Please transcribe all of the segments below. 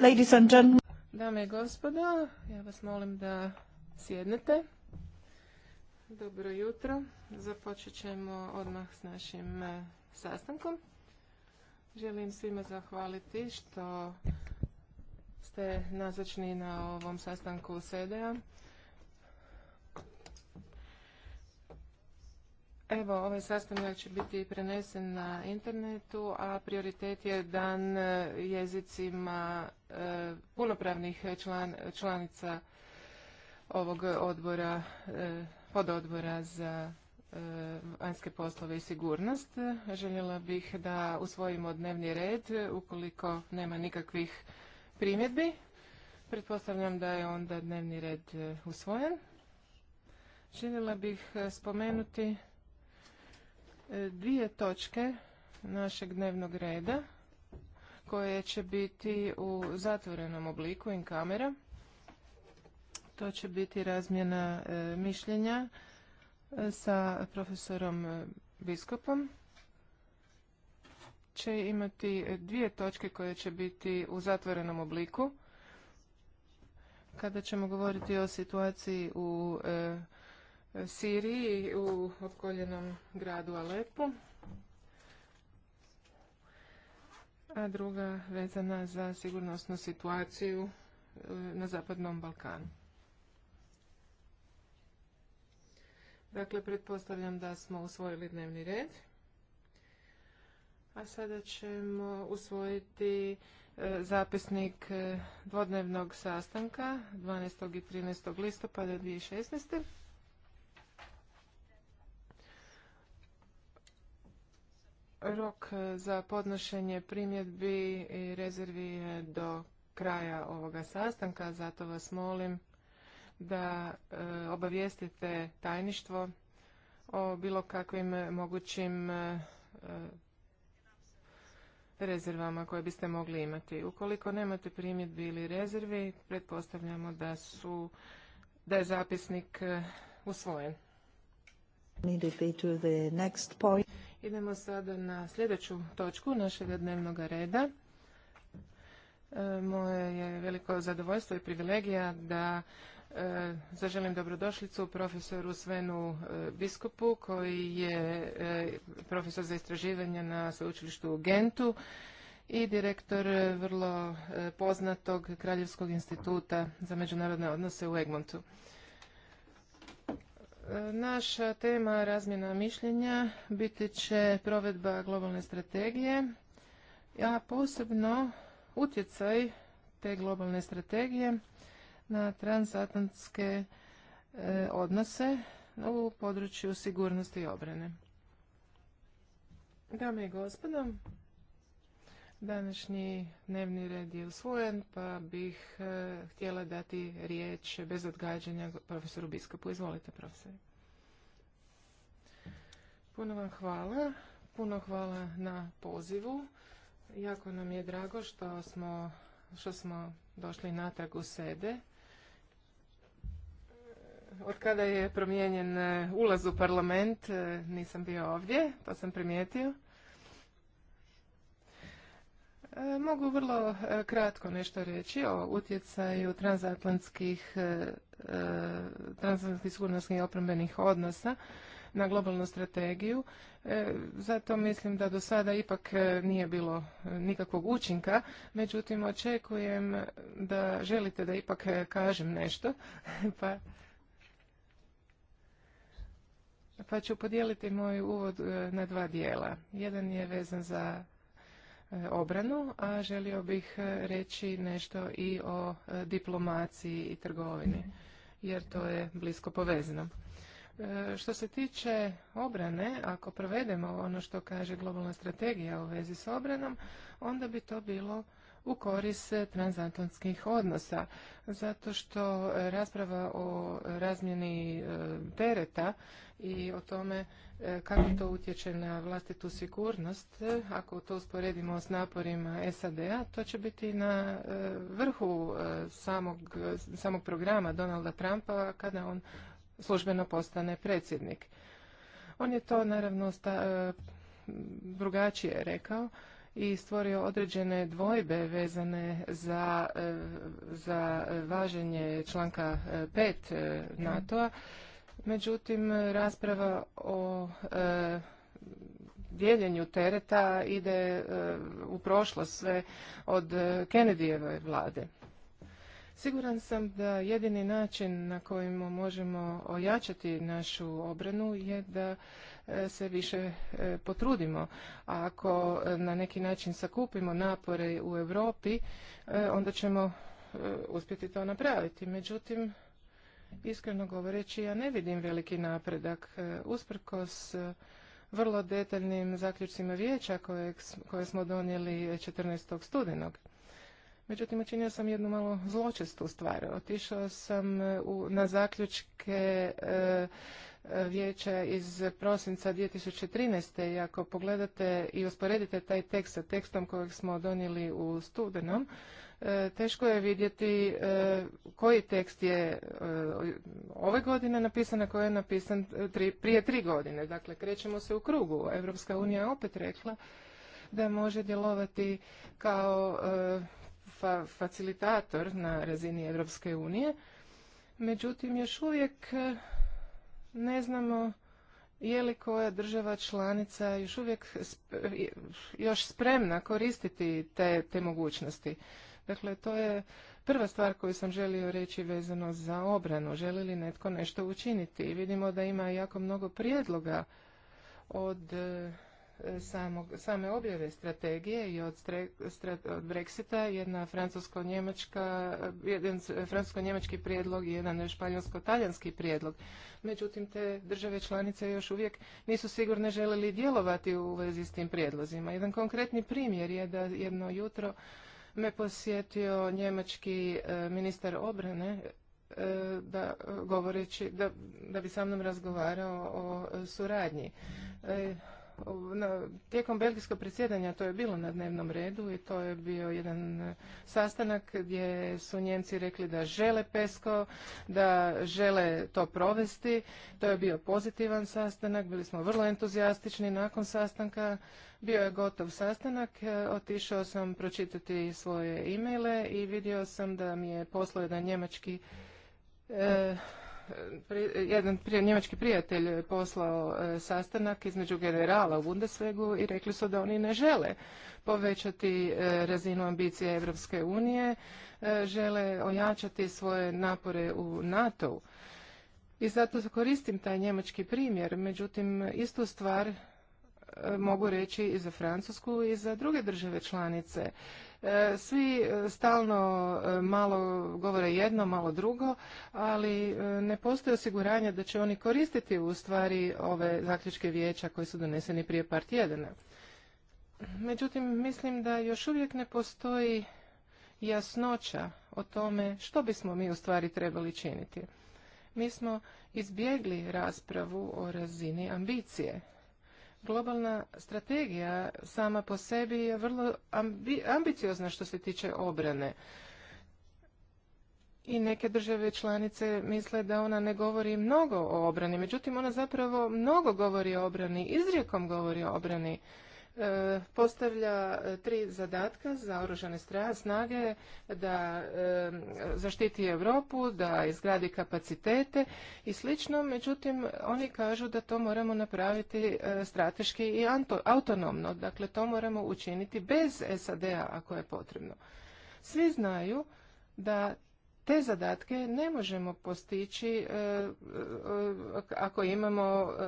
Ladies and gentlemen. Dame i gospodo, ja vas molim da sjednete. Dobro jutro. Započet ćemo odmah s našim e, sastankom. Želim svima zahvaliti što ste nazočni na ovom sastanku SED-a. Evo, ovaj sastanak će biti prenesen na internetu, a prioritet je dan e, jezicima e, punopravnih član, članica ovog odbora, e, pododbora za vanjske poslove i sigurnost. Željela bih da usvojimo dnevni red ukoliko nema nikakvih primjedbi. Pretpostavljam da je onda dnevni red usvojen. Željela bih spomenuti dvije točke našeg dnevnog reda koje će biti u zatvorenom obliku in kamera. To će biti razmjena e, mišljenja e, sa profesorom e, Biskopom će imati dvije točke koje će biti u zatvorenom obliku. Kada ćemo govoriti o situaciji u Siriji u opkoljenom gradu Alepu. A druga vezana za sigurnosnu situaciju e, na Zapadnom Balkanu. Dakle, pretpostavljam da smo usvojili dnevni red. A sada ćemo usvojiti e, zapisnik e, dvodnevnog sastanka 12. i 13. listopada 2016. Rok e, za podnošenje primjedbi i rezervi je do kraja ovoga sastanka, zato vas molim da e, obavijestite tajništvo o bilo kakvim mogućim e, rezervama koje biste mogli imati. Ukoliko nemate primjedbi ili rezervi, pretpostavljamo da su da je zapisnik usvojen. Idemo sada na sljedeću točku našeg dnevnog reda. E, moje je veliko zadovoljstvo i privilegija da e, zaželim dobrodošlicu profesoru Svenu e, Biskupu koji je profesor za istraživanje na sveučilištu u Gentu i direktor vrlo poznatog Kraljevskog instituta za međunarodne odnose u Egmontu. Naša tema razmjena mišljenja biti će provedba globalne strategije, a posebno utjecaj te globalne strategije na transatlantske e, odnose u području sigurnosti i obrane. Dame i gospodo, Današnji dnevni red je usvojen, pa bih e, htjela dati riječ bez odgađanja profesoru Biskopu. Izvolite, profesor. Puno vam hvala. Puno hvala na pozivu. Jako nam je drago što smo, što smo došli natrag u sede. Od kada je promijenjen e, ulaz u parlament, e, nisam bio ovdje, to sam primijetio. E, mogu vrlo e, kratko nešto reći o utjecaju transatlantskih e, transatlantskih sigurnosnih i opremenih odnosa na globalnu strategiju. Zato mislim da do sada ipak nije bilo nikakvog učinka, međutim očekujem da želite da ipak kažem nešto, pa pa ću podijeliti moj uvod na dva dijela. Jedan je vezan za E, obranu, a želio bih e, reći nešto i o e, diplomaciji i trgovini, jer to je blisko povezano. Što se tiče obrane, ako provedemo ono što kaže globalna strategija u vezi s obranom, onda bi to bilo u koris transatlantskih odnosa, zato što rasprava o razmjeni tereta i o tome e, kako to utječe na vlastitu sigurnost. Ako to usporedimo s naporima SAD-a, to će biti na e, vrhu e, samog, samog programa Donalda Trumpa kada on službeno postane predsjednik. On je to naravno drugačije rekao i stvorio određene dvojbe vezane za, za važenje članka 5 NATO-a Međutim, rasprava o e, dijeljenju tereta ide e, u prošlost sve od e, Kennedyjeve vlade. Siguran sam da jedini način na kojim možemo ojačati našu obranu je da se više potrudimo. A ako na neki način sakupimo napore u Europi, onda ćemo uspjeti to napraviti. Međutim, Iskreno govoreći, ja ne vidim veliki napredak. E, usprkos e, vrlo detaljnim zaključcima vijeća koje, smo donijeli 14. studenog. Međutim, učinio sam jednu malo zločestu stvar. Otišao sam e, na zaključke vijeća iz prosinca 2013. I ako pogledate i usporedite taj tekst sa tekstom kojeg smo donijeli u studenom, E, teško je vidjeti e, koji tekst je e, ove godine napisan, a koji je napisan prije tri godine. Dakle, krećemo se u krugu. Evropska unija je opet rekla da može djelovati kao facilitator na razini Evropske unije. Međutim, još uvijek ne znamo je li koja država članica još uvijek još spremna koristiti te, te mogućnosti. Dakle, to je prva stvar koju sam želio reći vezano za obranu. Želi li netko nešto učiniti? I vidimo da ima jako mnogo prijedloga od e, samog, same objave strategije i od, stre, od Brexita, jedna francusko-njemačka, jedan francusko-njemački prijedlog i jedan španjolsko-talijanski prijedlog. Međutim, te države članice još uvijek nisu sigurne želeli djelovati u vezi s tim prijedlozima. Jedan konkretni primjer je da jedno jutro me posjetio njemački e, ministar obrane e, da e, govoreći da, da bi sa mnom razgovarao o suradnji. Na, tijekom belgijskog predsjedanja to je bilo na dnevnom redu i to je bio jedan sastanak gdje su Njemci rekli da žele PESCO, da žele to provesti. To je bio pozitivan sastanak, bili smo vrlo entuzijastični nakon sastanka. Bio je gotov sastanak, e, otišao sam pročitati svoje e-maile i vidio sam da mi je poslao jedan njemački e, jedan njemački prijatelj poslao e, sastanak između generala u Bundeswegu i rekli su da oni ne žele povećati razinu ambicije Europske unije, žele ojačati svoje napore u NATO-u. I zato koristim taj njemački primjer, međutim istu stvar E, mogu reći i za Francusku i za druge države članice. E, svi e, stalno malo govore jedno, malo drugo, ali ne postoje osiguranja da će oni koristiti u stvari ove zaključke vijeća koji su doneseni prije par tjedana. Međutim, mislim da još uvijek ne postoji jasnoća o tome što bismo mi u stvari trebali činiti. Mi smo izbjegli raspravu o razini ambicije Globalna strategija sama po sebi je vrlo ambiciozna što se tiče obrane. I neke države članice misle da ona ne govori mnogo o obrani, međutim ona zapravo mnogo govori o obrani, izrijekom govori o obrani. E, postavlja e, tri zadatka za oružane snage da e, zaštiti Europu, da izgradi kapacitete i slično, međutim oni kažu da to moramo napraviti strateški i autonomno, dakle to moramo učiniti bez SAD-a ako je potrebno. Svi znaju da te zadatke ne možemo postići e, e, ako imamo e,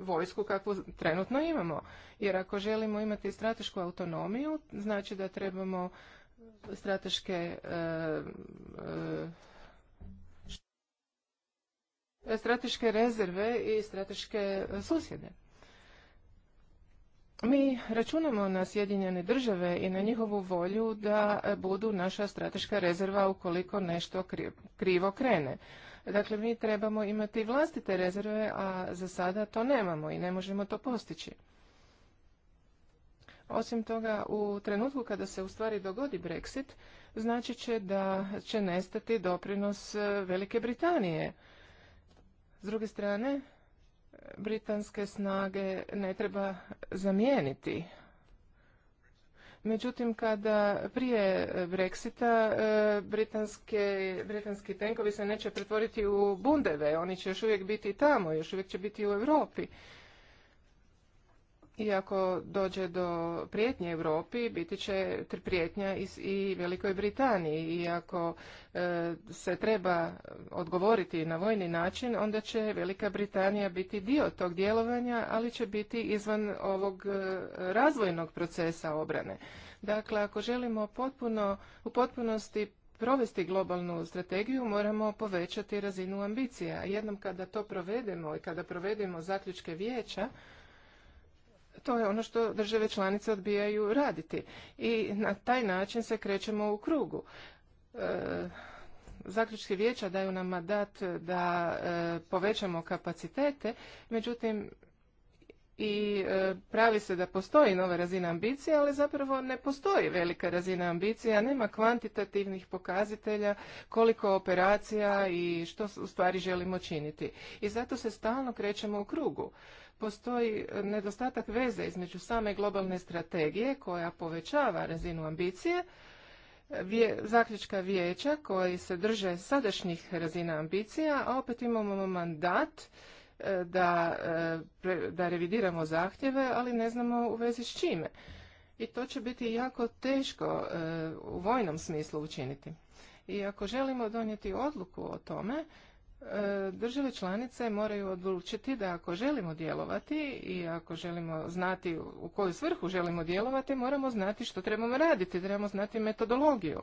vojsku kakvu trenutno imamo. Jer ako želimo imati stratešku autonomiju, znači da trebamo strateške strateške rezerve i strateške susjede. Mi računamo na Sjedinjene države i na njihovu volju da e, budu naša strateška rezerva ukoliko nešto krivo krene. Dakle, mi trebamo imati vlastite rezerve, a za sada to nemamo i ne možemo to postići. Osim toga, u trenutku kada se u stvari dogodi Brexit, znači će da će nestati doprinos e, Velike Britanije. S druge strane, britanske snage ne treba zamijeniti. Međutim, kada prije Brexita e, britanske, britanski tenkovi se neće pretvoriti u bundeve, oni će još uvijek biti tamo, još uvijek će biti u Europi i ako dođe do prijetnje Europi, biti će prijetnja i Velikoj Britaniji. I ako e, se treba odgovoriti na vojni način, onda će Velika Britanija biti dio tog djelovanja, ali će biti izvan ovog e, razvojnog procesa obrane. Dakle, ako želimo potpuno, u potpunosti provesti globalnu strategiju moramo povećati razinu ambicija. Jednom kada to provedemo i kada provedemo zaključke vijeća, to je ono što države članice odbijaju raditi. I na taj način se krećemo u krugu. E, Zaključki vijeća daju nam mandat da e, povećamo kapacitete, međutim i e, pravi se da postoji nova razina ambicije, ali zapravo ne postoji velika razina ambicija, nema kvantitativnih pokazitelja koliko operacija i što u stvari želimo činiti. I zato se stalno krećemo u krugu postoji nedostatak veze između same globalne strategije koja povećava razinu ambicije, zaključka vijeća koji se drže sadašnjih razina ambicija, a opet imamo mandat e, da, e, da revidiramo zahtjeve, ali ne znamo u vezi s čime. I to će biti jako teško e, u vojnom smislu učiniti. I ako želimo donijeti odluku o tome, države članice moraju odlučiti da ako želimo djelovati i ako želimo znati u koju svrhu želimo djelovati, moramo znati što trebamo raditi, trebamo znati metodologiju.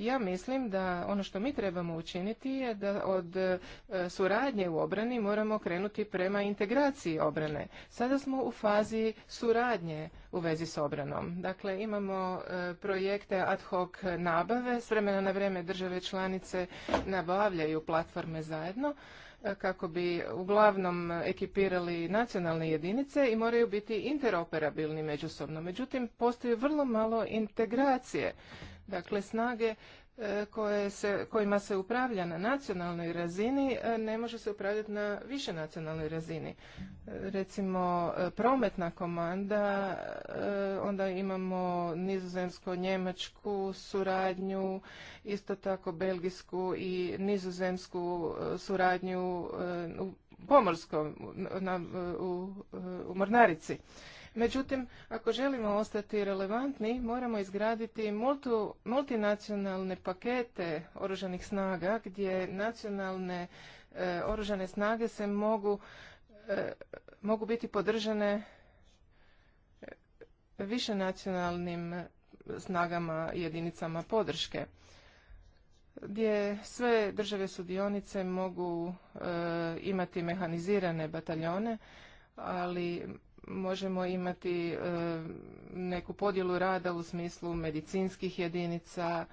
Ja mislim da ono što mi trebamo učiniti je da od e, suradnje u obrani moramo krenuti prema integraciji obrane. Sada smo u fazi suradnje u vezi s obranom. Dakle, imamo e, projekte ad hoc nabave, s vremena na vrijeme države članice nabavljaju platforme zajedno e, kako bi uglavnom ekipirali nacionalne jedinice i moraju biti interoperabilni međusobno. Međutim, postoji vrlo malo integracije Dakle, snage e, koje se, kojima se upravlja na nacionalnoj razini e, ne može se upravljati na više nacionalnoj razini. E, recimo, prometna komanda, onda imamo nizozemsko-njemačku suradnju, isto tako belgijsku i nizozemsku suradnju u pomorskom, u, u, u mornarici. Međutim, ako želimo ostati relevantni, moramo izgraditi multinacionalne pakete oružanih snaga gdje nacionalne e, oružane snage se mogu, e, mogu biti podržane e, višenacionalnim nacionalnim snagama i jedinicama podrške gdje sve države sudionice mogu e, imati mehanizirane bataljone ali možemo imati e, neku podjelu rada u smislu medicinskih jedinica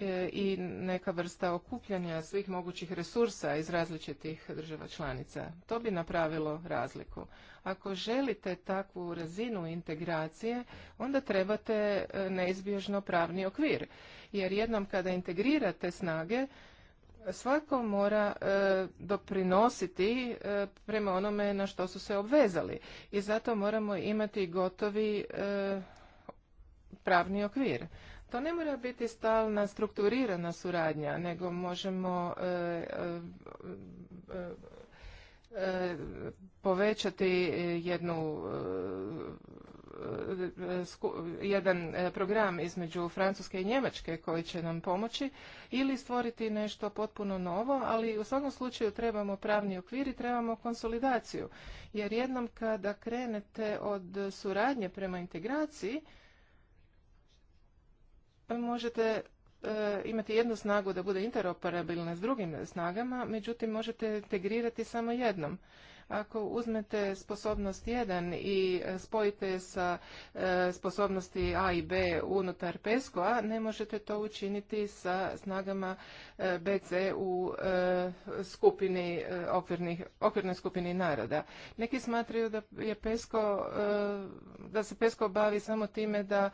e, i neka vrsta okupljanja svih mogućih resursa iz različitih država članica. To bi napravilo razliku. Ako želite takvu razinu integracije, onda trebate e, neizbježno pravni okvir. Jer jednom kada integrirate snage, svako mora e, doprinositi e, prema onome na što su se obvezali i zato moramo imati gotovi e, pravni okvir. To ne mora biti stalna strukturirana suradnja, nego možemo povećati jednu jedan e, program između Francuske i Njemačke koji će nam pomoći ili stvoriti nešto potpuno novo, ali u svakom slučaju trebamo pravni okvir i trebamo konsolidaciju. Jer jednom kada krenete od suradnje prema integraciji, možete e, imati jednu snagu da bude interoperabilna s drugim snagama, međutim možete integrirati samo jednom. Ako uzmete sposobnost 1 i e, spojite sa e, sposobnosti A i B unutar PESCO-a, ne možete to učiniti sa snagama e, BC u skupini okvirnih, okvirnoj skupini naroda. Neki smatraju da je PESCO, da se PESCO bavi samo time da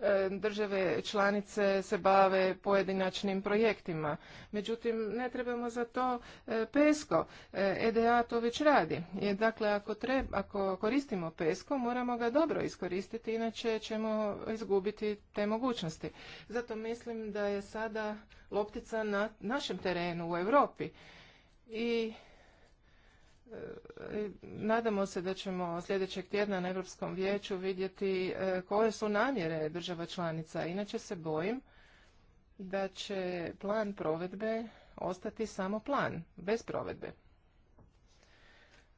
E, države članice se bave pojedinačnim projektima. Međutim, ne trebamo za to e, PESCO. EDA e to već radi. dakle, ako, treba, ako koristimo PESCO, moramo ga dobro iskoristiti, inače ćemo izgubiti te mogućnosti. Zato mislim da je sada loptica na našem terenu u Europi. I E, nadamo se da ćemo sljedećeg tjedna na Europskom vijeću vidjeti e, koje su namjere država članica. Inače se bojim da će plan provedbe ostati samo plan, bez provedbe.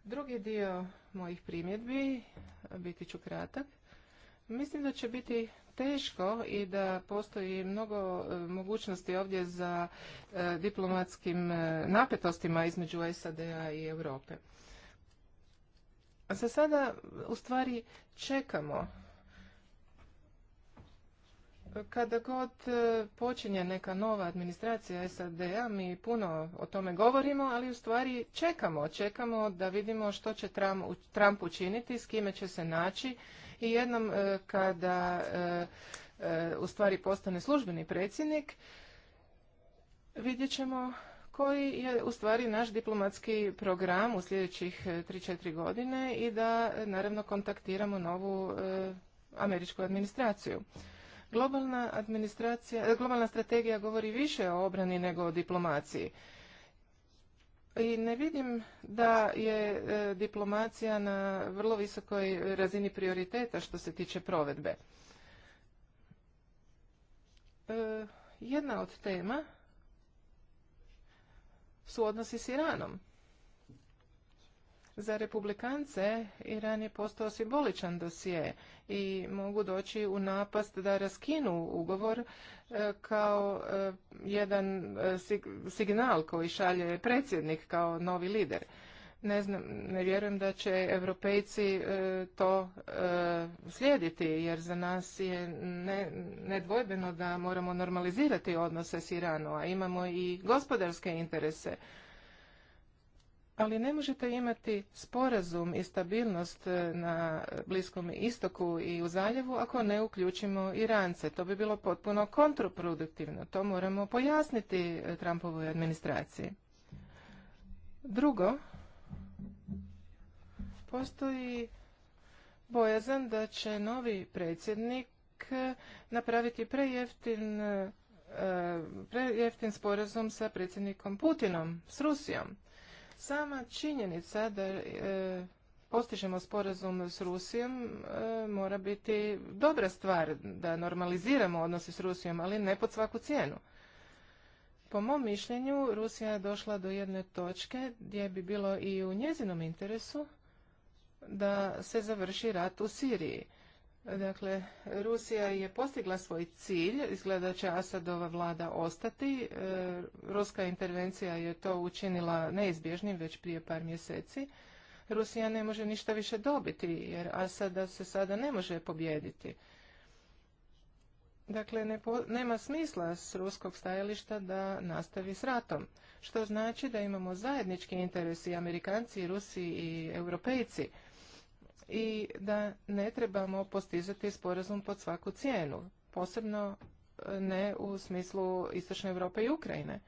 Drugi dio mojih primjedbi, biti ću kratak, mislim da će biti teško i da postoji mnogo e, mogućnosti ovdje za e, diplomatskim e, napetostima između SAD-a i Europe. A za sada u stvari čekamo kada god počinje neka nova administracija SAD-a, mi puno o tome govorimo, ali u stvari čekamo. Čekamo da vidimo što će Trump učiniti, s kime će se naći, i jednom e, kada e, e, u stvari postane službeni predsjednik, vidjet ćemo koji je u stvari naš diplomatski program u sljedećih 3-4 godine i da naravno kontaktiramo novu američku administraciju. Globalna, administracija, globalna strategija govori više o obrani nego o diplomaciji. I ne vidim da je e, diplomacija na vrlo visokoj razini prioriteta što se tiče provedbe. E, jedna od tema su odnosi s Iranom. Za republikance Iran je postao simboličan dosije i mogu doći u napast da raskinu ugovor e, kao e, jedan e, signal koji šalje predsjednik kao novi lider. Ne znam, ne vjerujem da će Europejci to slijediti jer za nas je nedvojbeno da moramo normalizirati odnose s Iranom, a imamo i gospodarske interese ali ne možete imati sporazum i stabilnost e, na Bliskom istoku i u zaljevu ako ne uključimo Irance. To bi bilo potpuno kontraproduktivno. To moramo pojasniti e, Trumpovoj administraciji. Drugo, postoji bojazan da će novi predsjednik e, napraviti prejeftin prejeftin sporazum sa predsjednikom Putinom, s Rusijom. Sama činjenica da e, postižemo sporazum s Rusijom e, mora biti dobra stvar da normaliziramo odnose s Rusijom, ali ne pod svaku cijenu. Po mom mišljenju, Rusija je došla do jedne točke gdje bi bilo i u njezinom interesu da se završi rat u Siriji. Dakle, Rusija je postigla svoj cilj, izgleda će Asadova vlada ostati. E, ruska intervencija je to učinila neizbježnim već prije par mjeseci. Rusija ne može ništa više dobiti jer Asada se sada ne može pobijediti. Dakle, nema smisla s ruskog stajališta da nastavi s ratom, što znači da imamo zajednički interes i Amerikanci, i Rusi i Europejci i da ne trebamo postizati sporazum pod svaku cijenu, posebno e, ne u smislu Istočne Europe i Ukrajine.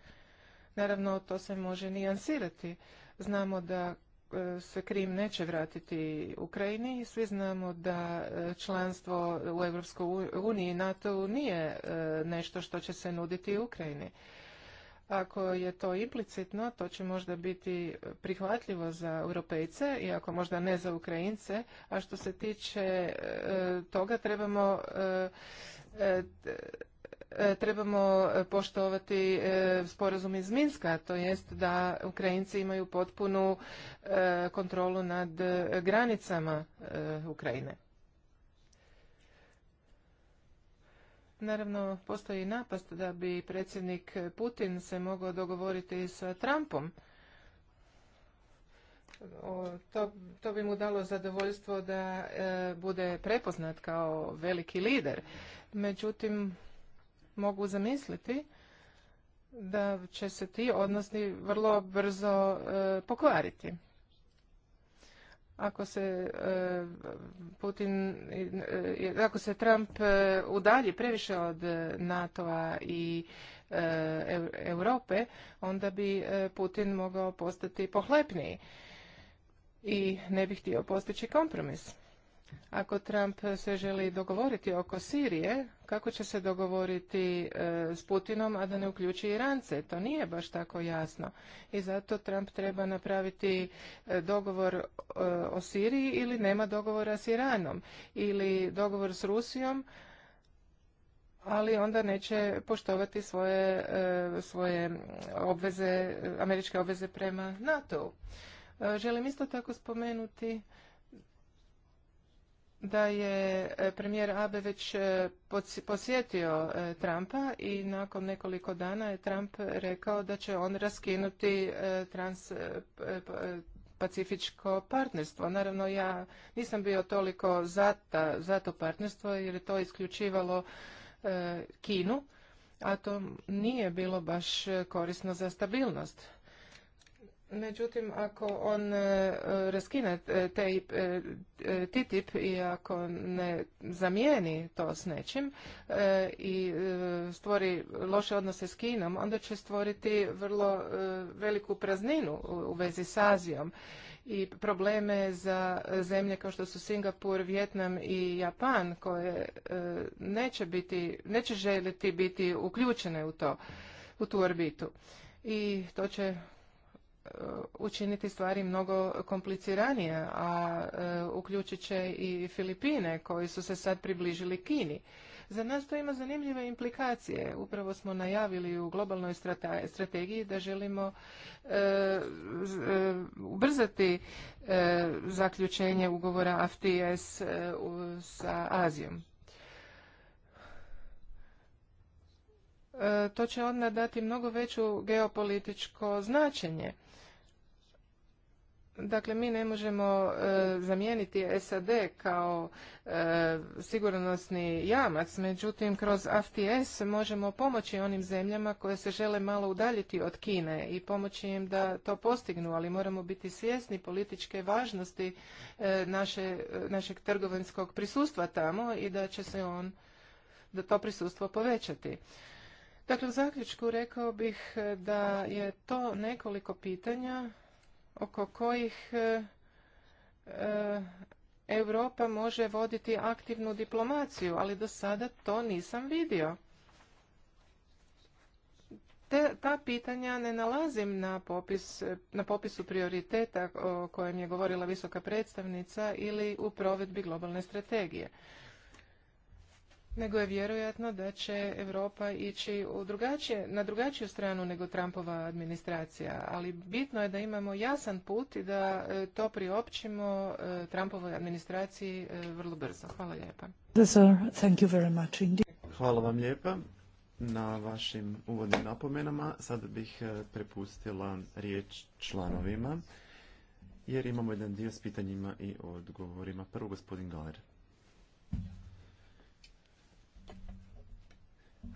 Naravno, to se može nijansirati. Znamo da e, se Krim neće vratiti Ukrajini. i Svi znamo da e, članstvo u Europskoj uniji i NATO nije nešto što će se nuditi Ukrajini. Ako je to implicitno, to će možda biti prihvatljivo za europejce, iako možda ne za Ukrajince, a što se tiče e, toga trebamo e, e, trebamo poštovati sporazum iz Minska, to jest da Ukrajinci imaju potpunu kontrolu nad granicama Ukrajine. Naravno, postoji napast da bi predsjednik Putin se mogao dogovoriti sa Trumpom. to, to bi mu dalo zadovoljstvo da e, bude prepoznat kao veliki lider. Međutim, mogu zamisliti da će se ti odnosi vrlo brzo e, pokvariti ako se eh, Putin, eh, ako se Trump eh, udalji previše od NATO-a i Europe, onda bi Putin mogao postati pohlepniji i ne bi htio postići kompromis. Ako Trump se želi dogovoriti oko Sirije, kako će se dogovoriti e, s Putinom, a da ne uključi Irance? To nije baš tako jasno. I zato Trump treba napraviti e, dogovor e, o Siriji ili nema dogovora s Iranom ili dogovor s Rusijom, ali onda neće poštovati svoje, svoje obveze, američke obveze prema NATO-u. Želim isto tako spomenuti da je e, premijer Abe već e, posjetio e, Trumpa i nakon nekoliko dana je Trump rekao da će on raskinuti trans pacifičko partnerstvo. Naravno, ja nisam bio toliko za, za to partnerstvo jer je to isključivalo Kinu, a to nije bilo baš korisno za stabilnost. Međutim, ako on e, raskine e, taj e, TTIP i ako ne zamijeni to s nečim i stvori loše odnose s Kinom, onda će stvoriti vrlo veliku prazninu u vezi s Azijom i probleme za zemlje kao što su Singapur, Vjetnam i Japan koje neće, biti, neće želiti biti uključene u, to, u tu orbitu i to će E, učiniti stvari mnogo kompliciranije, a e, uključit će i Filipine koji su se sad približili Kini. Za nas to ima zanimljive implikacije. Upravo smo najavili u globalnoj strategiji da želimo e, ubrzati zaključenje ugovora AFTS sa Azijom. To će onda dati mnogo veću geopolitičko značenje Dakle, mi ne možemo e, zamijeniti SAD kao e, sigurnosni jamac, međutim, kroz AFTS možemo pomoći onim zemljama koje se žele malo udaljiti od Kine i pomoći im da to postignu, ali moramo biti svjesni političke važnosti e, naše, našeg trgovinskog prisustva tamo i da će se on, da to prisustvo povećati. Dakle, u zaključku rekao bih da je to nekoliko pitanja oko kojih e, e, Europa može voditi aktivnu diplomaciju, ali do sada to nisam vidio. Te, ta pitanja ne nalazim na, popis, na popisu prioriteta o kojem je govorila visoka predstavnica ili u provedbi globalne strategije nego je vjerojatno da će Europa ići u na drugačiju stranu nego Trumpova administracija, ali bitno je da imamo jasan put i da e, to priopćimo e, Trumpovoj administraciji e, vrlo brzo. Hvala lijepa. Hvala vam lijepa na vašim uvodnim napomenama. Sada bih prepustila riječ članovima, jer imamo jedan dio s pitanjima i odgovorima. Prvo gospodin Galer.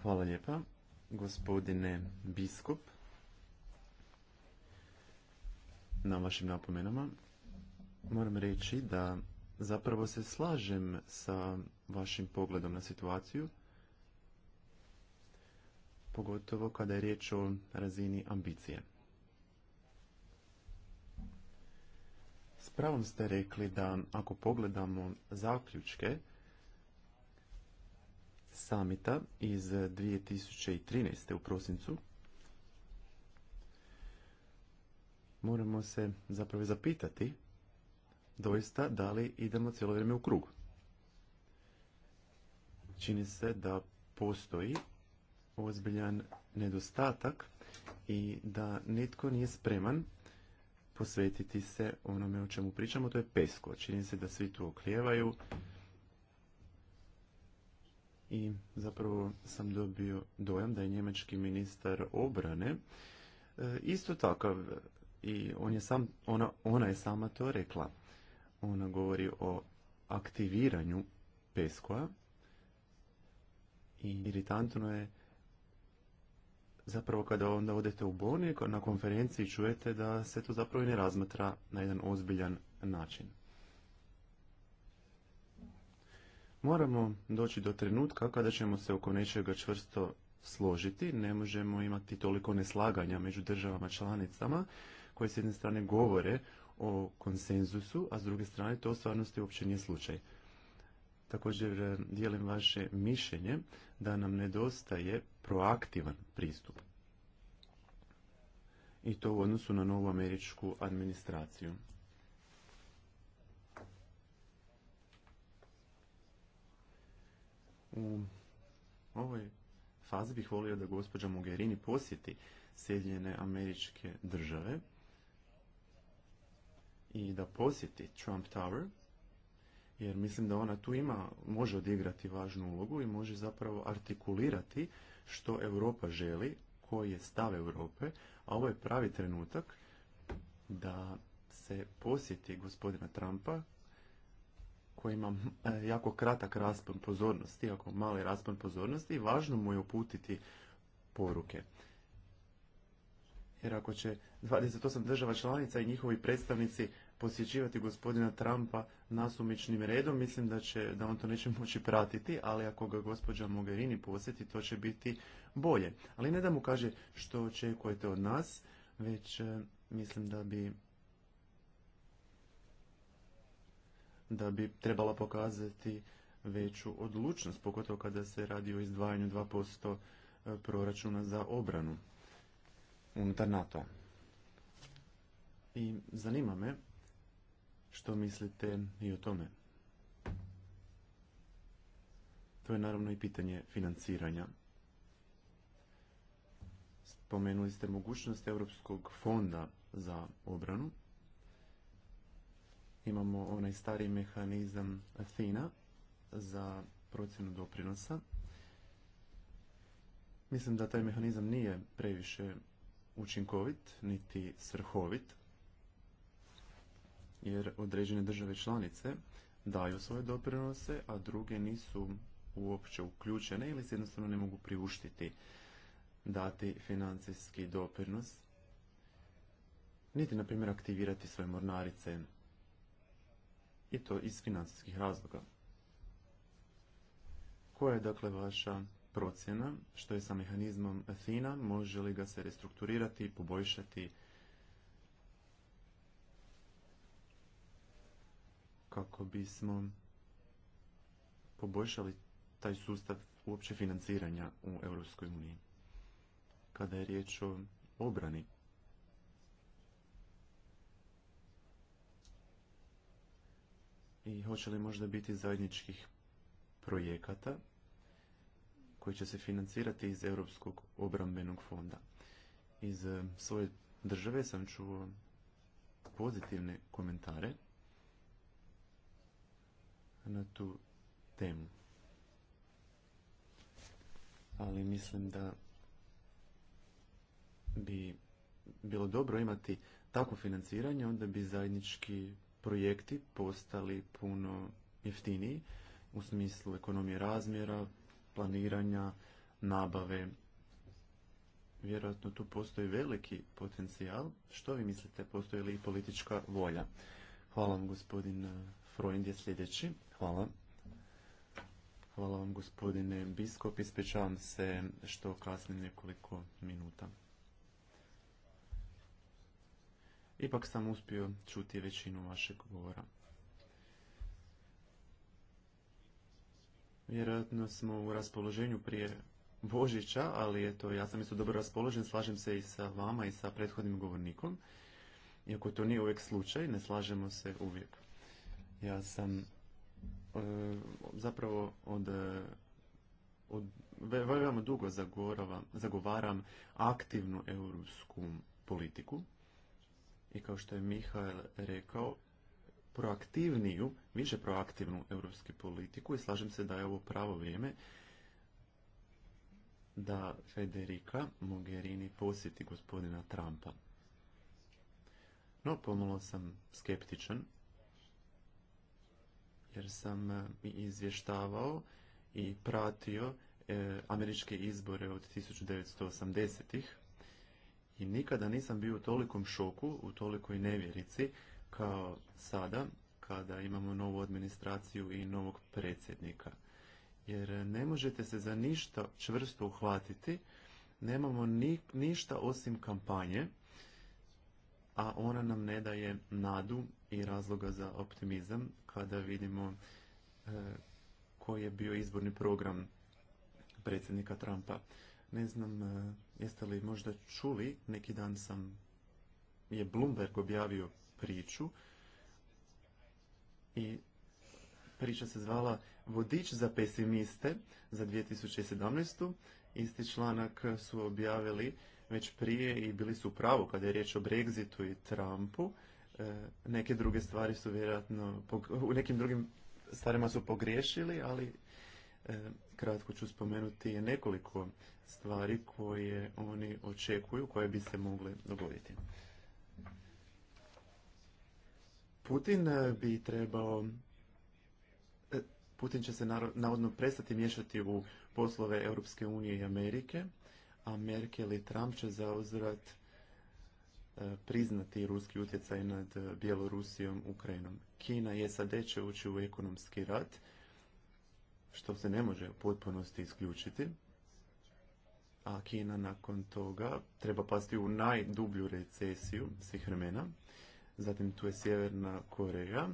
Hvala lijepa, gospodine biskup, na vašim napomenama. Moram reći da zapravo se slažem sa vašim pogledom na situaciju, pogotovo kada je riječ o razini ambicije. S pravom ste rekli da ako pogledamo zaključke, samita iz 2013. u prosincu, moramo se zapravo zapitati doista da li idemo cijelo vrijeme u krug. Čini se da postoji ozbiljan nedostatak i da netko nije spreman posvetiti se onome o čemu pričamo, to je pesko. Čini se da svi tu oklijevaju, i zapravo sam dobio dojam da je njemački ministar obrane e, isto takav i on je sam, ona, ona je sama to rekla. Ona govori o aktiviranju peskoja i iritantno je zapravo kada onda odete u Boni na konferenciji čujete da se to zapravo ne razmatra na jedan ozbiljan način. Moramo doći do trenutka kada ćemo se oko nečega čvrsto složiti, ne možemo imati toliko neslaganja među državama članicama koje s jedne strane govore o konsenzusu, a s druge strane to u stvarnosti uopće nije slučaj. Također e, dijelim vaše mišljenje da nam nedostaje proaktivan pristup. I to u odnosu na novu američku administraciju. U ovoj fazi bih volio da gospođa Mogherini posjeti Sjedinjene američke države i da posjeti Trump Tower, jer mislim da ona tu ima, može odigrati važnu ulogu i može zapravo artikulirati što Europa želi, koji je stav Europe, a ovo je pravi trenutak da se posjeti gospodina Trumpa koji ima e, jako kratak raspon pozornosti, jako mali raspon pozornosti važno mu je uputiti poruke. Jer ako će 28 država članica i njihovi predstavnici posjećivati gospodina Trumpa nasumičnim redom, mislim da, će, da on to neće moći pratiti, ali ako ga gospođa Mogherini posjeti, to će biti bolje. Ali ne da mu kaže što očekujete od nas, već e, mislim da bi da bi trebala pokazati veću odlučnost, pogotovo kada se radi o izdvajanju 2% e, proračuna za obranu unutar nato I zanima me što mislite i o tome. To je naravno i pitanje financiranja. Spomenuli ste mogućnost Europskog fonda za obranu. Imamo onaj stari mehanizam Athena za procjenu doprinosa. Mislim da taj mehanizam nije previše učinkovit, niti svrhovit, jer određene države članice daju svoje doprinose, a druge nisu uopće uključene ili se jednostavno ne mogu priuštiti dati financijski doprinos, niti, na primjer, aktivirati svoje mornarice i to iz financijskih razloga. Koja je dakle vaša procjena što je sa mehanizmom Athena, može li ga se restrukturirati i poboljšati kako bismo poboljšali taj sustav uopće financiranja u Europskoj uniji. Kada je riječ o obrani, i hoće li možda biti zajedničkih projekata koji će se financirati iz Europskog obrambenog fonda. Iz e, svoje države sam čuo pozitivne komentare na tu temu. Ali mislim da bi bilo dobro imati takvo financiranje, onda bi zajednički projekti postali puno jeftiniji u smislu ekonomije razmjera, planiranja, nabave. Vjerojatno tu postoji veliki potencijal. Što vi mislite, postoji li i politička volja? Hvala vam gospodin Freund je sljedeći. Hvala. Hvala vam gospodine Biskop. Ispričavam se što kasnim nekoliko minuta. Ipak sam uspio čuti većinu vašeg govora. Vjerojatno smo u raspoloženju prije Božića, ali eto, ja sam isto dobro raspoložen, slažem se i sa vama i sa prethodnim govornikom. Iako to nije uvijek slučaj, ne slažemo se uvijek. Ja sam e, zapravo od, od veoma dugo zagovaram aktivnu europsku politiku i kao što je Mihael rekao, proaktivniju, više proaktivnu europsku politiku i slažem se da je ovo pravo vrijeme da Federica Mogherini posjeti gospodina Trumpa. No, pomalo sam skeptičan, jer sam e, i izvještavao i pratio e, američke izbore od 1980-ih i nikada nisam bio u tolikom šoku, u tolikoj nevjerici kao sada kada imamo novu administraciju i novog predsjednika. Jer ne možete se za ništa čvrsto uhvatiti, nemamo ništa osim kampanje, a ona nam ne daje nadu i razloga za optimizam kada vidimo eh, koji je bio izborni program predsjednika Trumpa. Ne znam, e, jeste li možda čuli, neki dan sam, je Bloomberg objavio priču i priča se zvala Vodič za pesimiste za 2017. Isti članak su objavili već prije i bili su u pravu kada je riječ o Brexitu i Trumpu. E, neke druge stvari su vjerojatno, u nekim drugim stvarima su pogriješili, ali e, Kratko ću spomenuti nekoliko stvari koje oni očekuju, koje bi se mogle dogoditi. Putin bi trebao e, Putin će se navodno prestati miješati u poslove Europske unije i Amerike, a Merkel i Trump će zauzvrat e, priznati ruski utjecaj nad Bjelorusijom Ukrajinom. Kina i SAD će ući u ekonomski rat što se ne može u potpunosti isključiti, a Kina nakon toga treba pasti u najdublju recesiju svih vremena. Zatim tu je Sjeverna Koreja,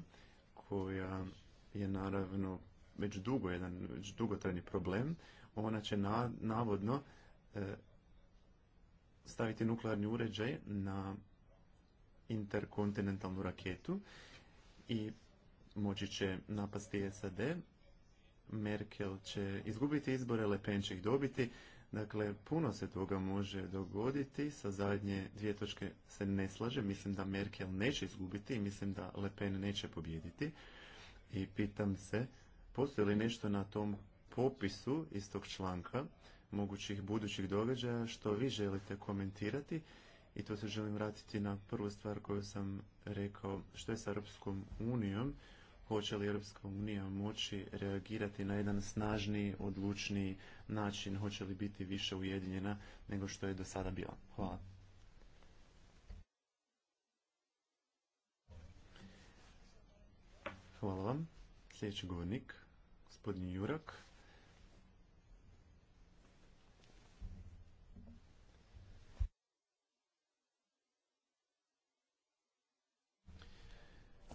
koja je naravno već dugo jedan već dugotrajni problem. Ona će na, navodno e, staviti nuklearni uređaj na interkontinentalnu raketu i moći će napasti SAD Merkel će izgubiti izbore, Le Pen će ih dobiti. Dakle, puno se toga može dogoditi. Sa zadnje dvije točke se ne slaže. Mislim da Merkel neće izgubiti i mislim da Le Pen neće pobijediti. I pitam se, postoji li nešto na tom popisu iz tog članka mogućih budućih događaja što vi želite komentirati i to se želim vratiti na prvu stvar koju sam rekao što je s Europskom unijom hoće li Europska unija moći reagirati na jedan snažniji, odlučniji način, hoće li biti više ujedinjena nego što je do sada bila. Hvala. Hvala vam. Sljedeći govornik, gospodin Jurak.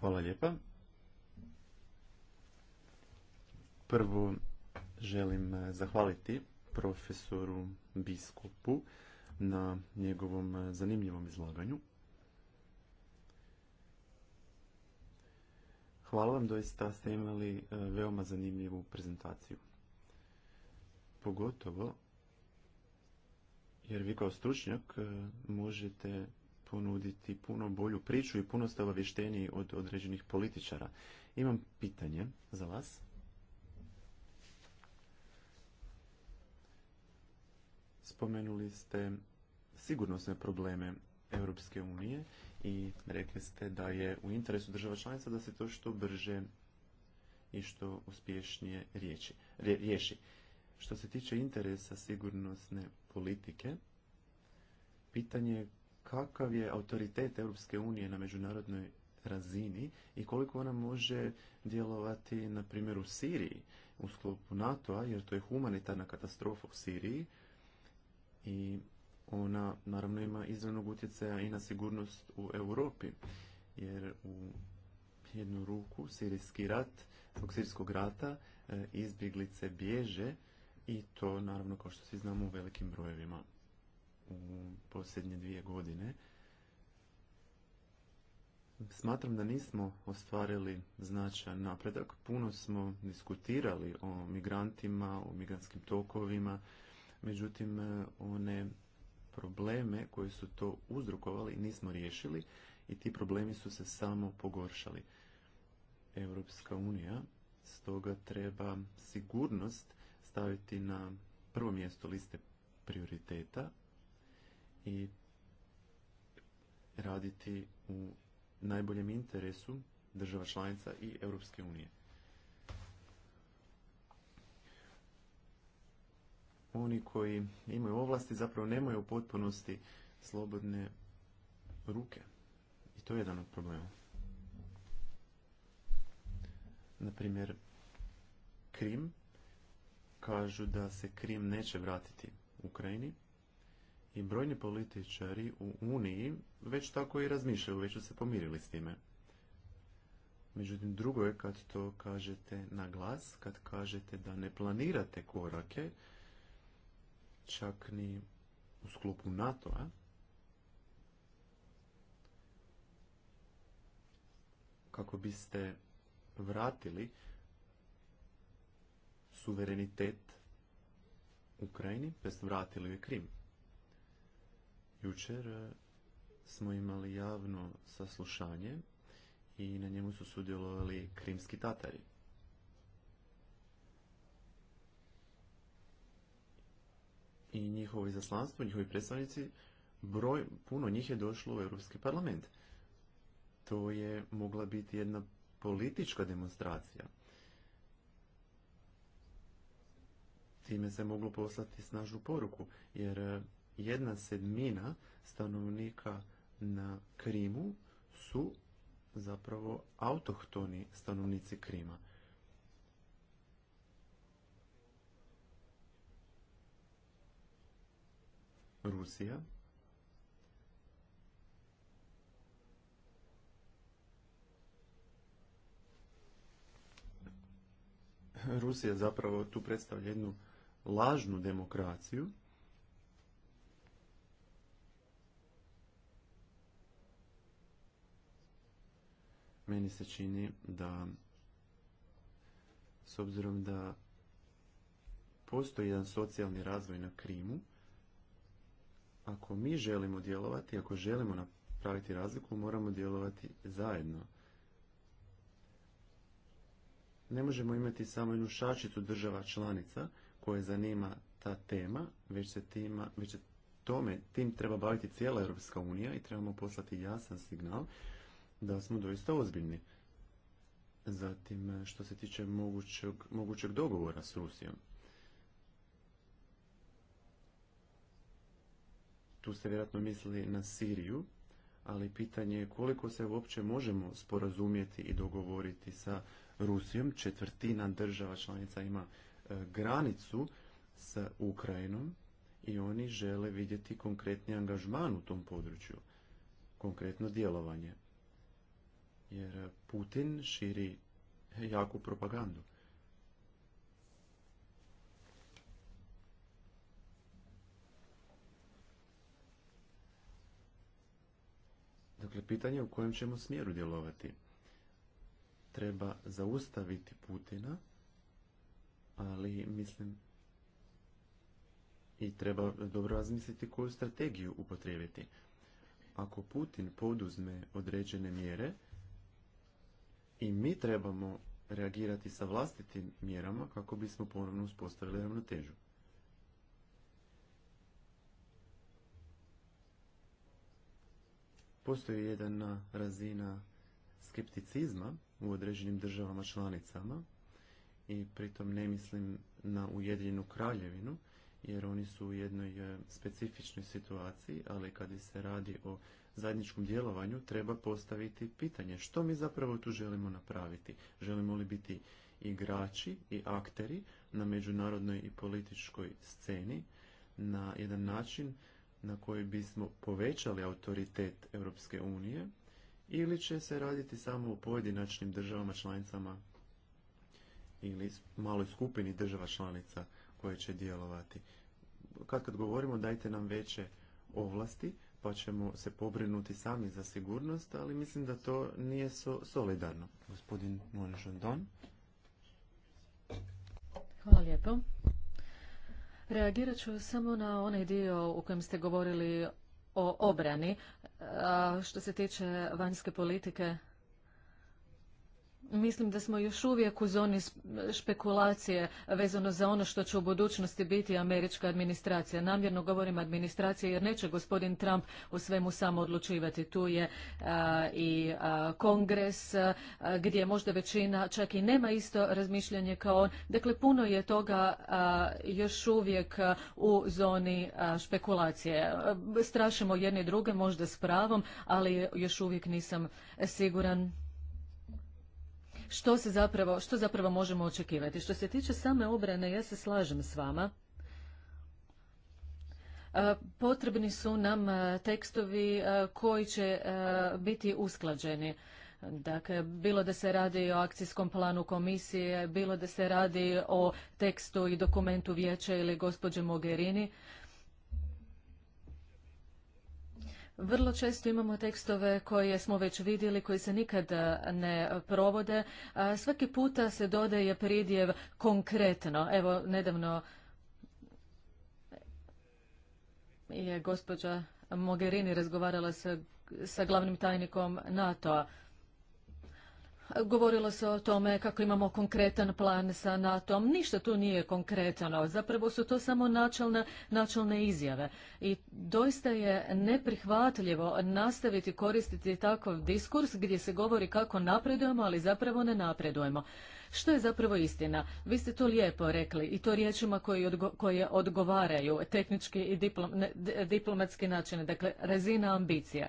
Hvala lijepa. prvo želim eh, zahvaliti profesoru Biskupu na njegovom eh, zanimljivom izlaganju. Hvala vam, doista ste imali eh, veoma zanimljivu prezentaciju. Pogotovo jer vi kao stručnjak možete ponuditi puno bolju priču i puno ste obavješteniji od određenih političara. Imam pitanje za vas. spomenuli ste sigurnosne probleme Europske unije i rekli ste da je u interesu država članica da se to što brže i što uspješnije riješi. Što se tiče interesa sigurnosne politike, pitanje je kakav je autoritet Europske unije na međunarodnoj razini i koliko ona može djelovati na primjer u Siriji u sklopu NATO-a, jer to je humanitarna katastrofa u Siriji, i ona naravno ima izravnog utjecaja i na sigurnost u Europi, jer u jednu ruku sirijski rat, zbog sirijskog rata e, izbjeglice bježe i to naravno kao što svi znamo u velikim brojevima u posljednje dvije godine. Smatram da nismo ostvarili značajan napredak. Puno smo diskutirali o migrantima, o migrantskim tokovima, međutim e, one probleme koji su to uzrokovali nismo riješili i ti problemi su se samo pogoršali. Europska unija stoga treba sigurnost staviti na prvo mjesto liste prioriteta i raditi u najboljem interesu država članica i Europske unije. oni koji imaju ovlasti zapravo nemaju u potpunosti slobodne ruke. I to je jedan od problema. Naprimjer, Krim, kažu da se Krim neće vratiti Ukrajini i brojni političari u Uniji već tako i razmišljaju, već su se pomirili s time. Međutim, drugo je kad to kažete na glas, kad kažete da ne planirate korake, čak ni u sklopu NATO-a. Kako biste vratili suverenitet Ukrajini, bez vratili je Krim. Jučer eh, smo imali javno saslušanje i na njemu su sudjelovali krimski tatari. i njihovo izaslanstvo, njihovi predstavnici, broj, puno njih je došlo u Europski parlament. To je mogla biti jedna politička demonstracija. Time se moglo poslati snažnu poruku, jer e, jedna sedmina stanovnika na Krimu su zapravo autohtoni stanovnici Krima. Rusija. Rusija zapravo tu predstavlja jednu lažnu demokraciju. Meni se čini da s obzirom da postoji jedan socijalni razvoj na Krimu, ako mi želimo djelovati, ako želimo napraviti razliku, moramo djelovati zajedno. Ne možemo imati samo jednu šačicu država članica koje zanima ta tema, već se, tima, već tome, tim treba baviti cijela Europska unija i trebamo poslati jasan signal da smo doista ozbiljni. Zatim, što se tiče mogućeg, mogućeg dogovora s Rusijom. tu ste vjerojatno mislili na Siriju, ali pitanje je koliko se uopće možemo sporazumjeti i dogovoriti sa Rusijom. Četvrtina država članica ima e, granicu sa Ukrajinom i oni žele vidjeti konkretni angažman u tom području, konkretno djelovanje. Jer Putin širi jaku propagandu. Dakle, pitanje u kojem ćemo smjeru djelovati. Treba zaustaviti Putina, ali mislim i treba dobro razmisliti koju strategiju upotrijebiti. Ako Putin poduzme određene mjere i mi trebamo reagirati sa vlastitim mjerama kako bismo ponovno uspostavili ravnotežu. postoji jedna razina skepticizma u određenim državama članicama i pritom ne mislim na Ujedinjenu kraljevinu jer oni su u jednoj e, specifičnoj situaciji, ali kad se radi o zajedničkom djelovanju treba postaviti pitanje što mi zapravo tu želimo napraviti. Želimo li biti igrači i akteri na međunarodnoj i političkoj sceni na jedan način na koji bismo povećali autoritet Europske unije ili će se raditi samo o pojedinačnim državama članicama ili maloj skupini država članica koje će djelovati. Kad kad govorimo dajte nam veće ovlasti pa ćemo se pobrinuti sami za sigurnost, ali mislim da to nije solidarno. Gospodin Hvala lijepo. Reagirat ću samo na onaj dio u kojem ste govorili o obrani. što se tiče vanjske politike, Mislim da smo još uvijek u zoni špekulacije vezano za ono što će u budućnosti biti američka administracija. Namjerno govorim administracija jer neće gospodin Trump u svemu samo odlučivati. Tu je i kongres gdje možda većina čak i nema isto razmišljanje kao on. Dakle, puno je toga još uvijek u zoni špekulacije. Strašimo jedni druge, možda s pravom, ali još uvijek nisam siguran što, se zapravo, što zapravo možemo očekivati. Što se tiče same obrane, ja se slažem s vama. E, potrebni su nam e, tekstovi e, koji će biti usklađeni. Dakle, bilo da se radi o akcijskom planu komisije, bilo da se radi o tekstu i dokumentu vijeća ili gospođe Mogherini. Vrlo često imamo tekstove koje smo već vidjeli, koji se nikada e, ne provode. svaki puta se dodaje pridjev konkretno. Evo, nedavno je gospođa Mogherini razgovarala sa, sa glavnim tajnikom NATO-a. Govorilo se o tome kako imamo konkretan plan sa NATO-om. Ništa tu nije konkretano. Zapravo su to samo načelne, izjave. I doista je neprihvatljivo nastaviti koristiti takav diskurs gdje se govori kako napredujemo, ali zapravo ne napredujemo. Što je zapravo istina? Vi ste to lijepo rekli i to riječima koje, odgovaraju tehnički i diplomatski način. Dakle, razina ambicija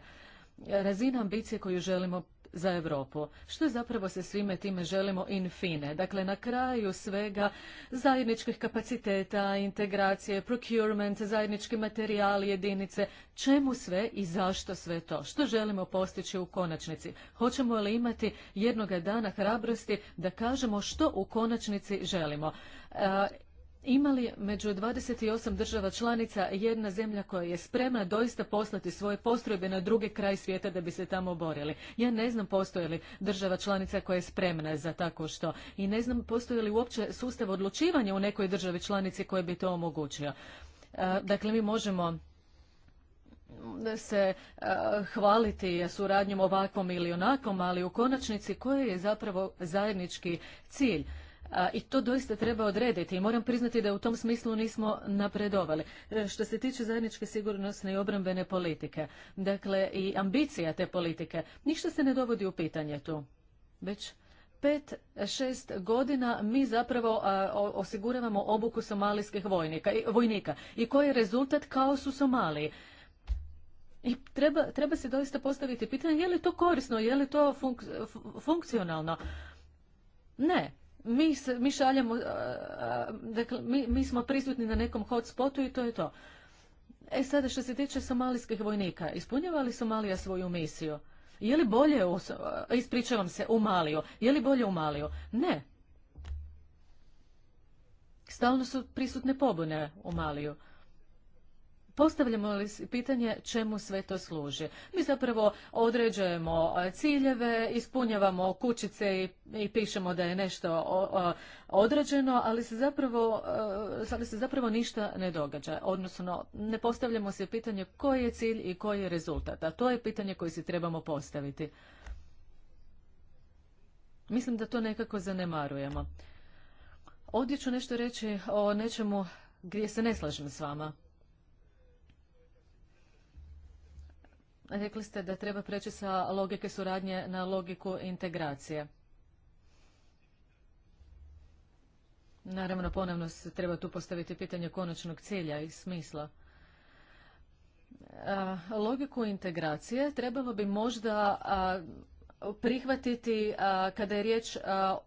razina ambicije koju želimo za Europu. Što zapravo se svime time želimo in fine? Dakle, na kraju svega zajedničkih kapaciteta, integracije, procurement, zajednički materijali, jedinice, čemu sve i zašto sve to? Što želimo postići u konačnici? Hoćemo li imati jednoga dana hrabrosti da kažemo što u konačnici želimo? imali među 28 država članica jedna zemlja koja je spremna doista poslati svoje postrojbe na drugi kraj svijeta da bi se tamo borili. Ja ne znam postoje li država članica koja je spremna za tako što i ne znam postoje li uopće sustav odlučivanja u nekoj državi članici koji bi to omogućio. E, dakle, mi možemo se e, hvaliti suradnjom ovakvom ili onakvom, ali u konačnici koji je zapravo zajednički cilj? i to doista treba odrediti i moram priznati da u tom smislu nismo napredovali. E, što se tiče zajedničke sigurnosne i obrambene politike, dakle i ambicija te politike, ništa se ne dovodi u pitanje tu. Već pet, šest godina mi zapravo osiguravamo obuku somalijskih vojnika, vojnika. I koji je rezultat kao su Somaliji? I treba, treba se doista postaviti pitanje je li to korisno, je li to funkcionalno? Ne, mi, mi šaljemo, dakle, mi, mi smo prisutni na nekom hotspotu i to je to. E sada što se tiče somalijskih vojnika, ispunjava li Somalija svoju misiju? Je li bolje, u, ispričavam se, u Maliju? Je li bolje u Maliju? Ne. Stalno su prisutne pobune u Maliju. Postavljamo li pitanje čemu sve to služi? Mi zapravo određujemo e, ciljeve, ispunjavamo kućice i, pišemo da je nešto određeno, ali se, zapravo, e, ali se zapravo ništa ne događa. Odnosno, ne postavljamo se pitanje koji je cilj i koji je rezultat. A to je pitanje koje si trebamo postaviti. Mislim da to nekako zanemarujemo. Ovdje ću nešto reći o nečemu gdje se ne slažem s vama. rekli ste da treba preći sa logike suradnje na logiku integracije. Naravno, ponovno se treba tu postaviti pitanje konačnog cilja i smisla. E, logiku integracije trebalo bi možda prihvatiti kada je riječ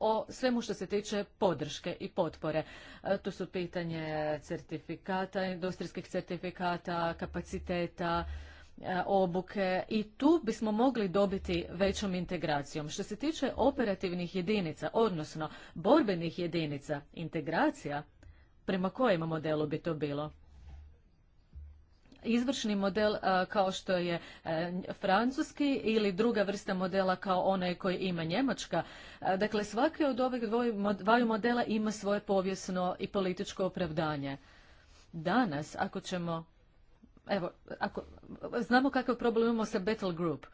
o svemu što se tiče podrške i potpore. E, tu su pitanje certifikata, industrijskih certifikata, kapaciteta, E, obuke i tu bismo mogli dobiti većom integracijom. Što se tiče operativnih jedinica, odnosno borbenih jedinica, integracija, prema kojima modelu bi to bilo? Izvršni model e, kao što je e, francuski ili druga vrsta modela kao onaj koji ima Njemačka. dakle, svaki od ovih dvaju modela ima svoje povijesno i političko opravdanje. Danas, ako ćemo Evo, ako, znamo kakav problem imamo sa Battle Group.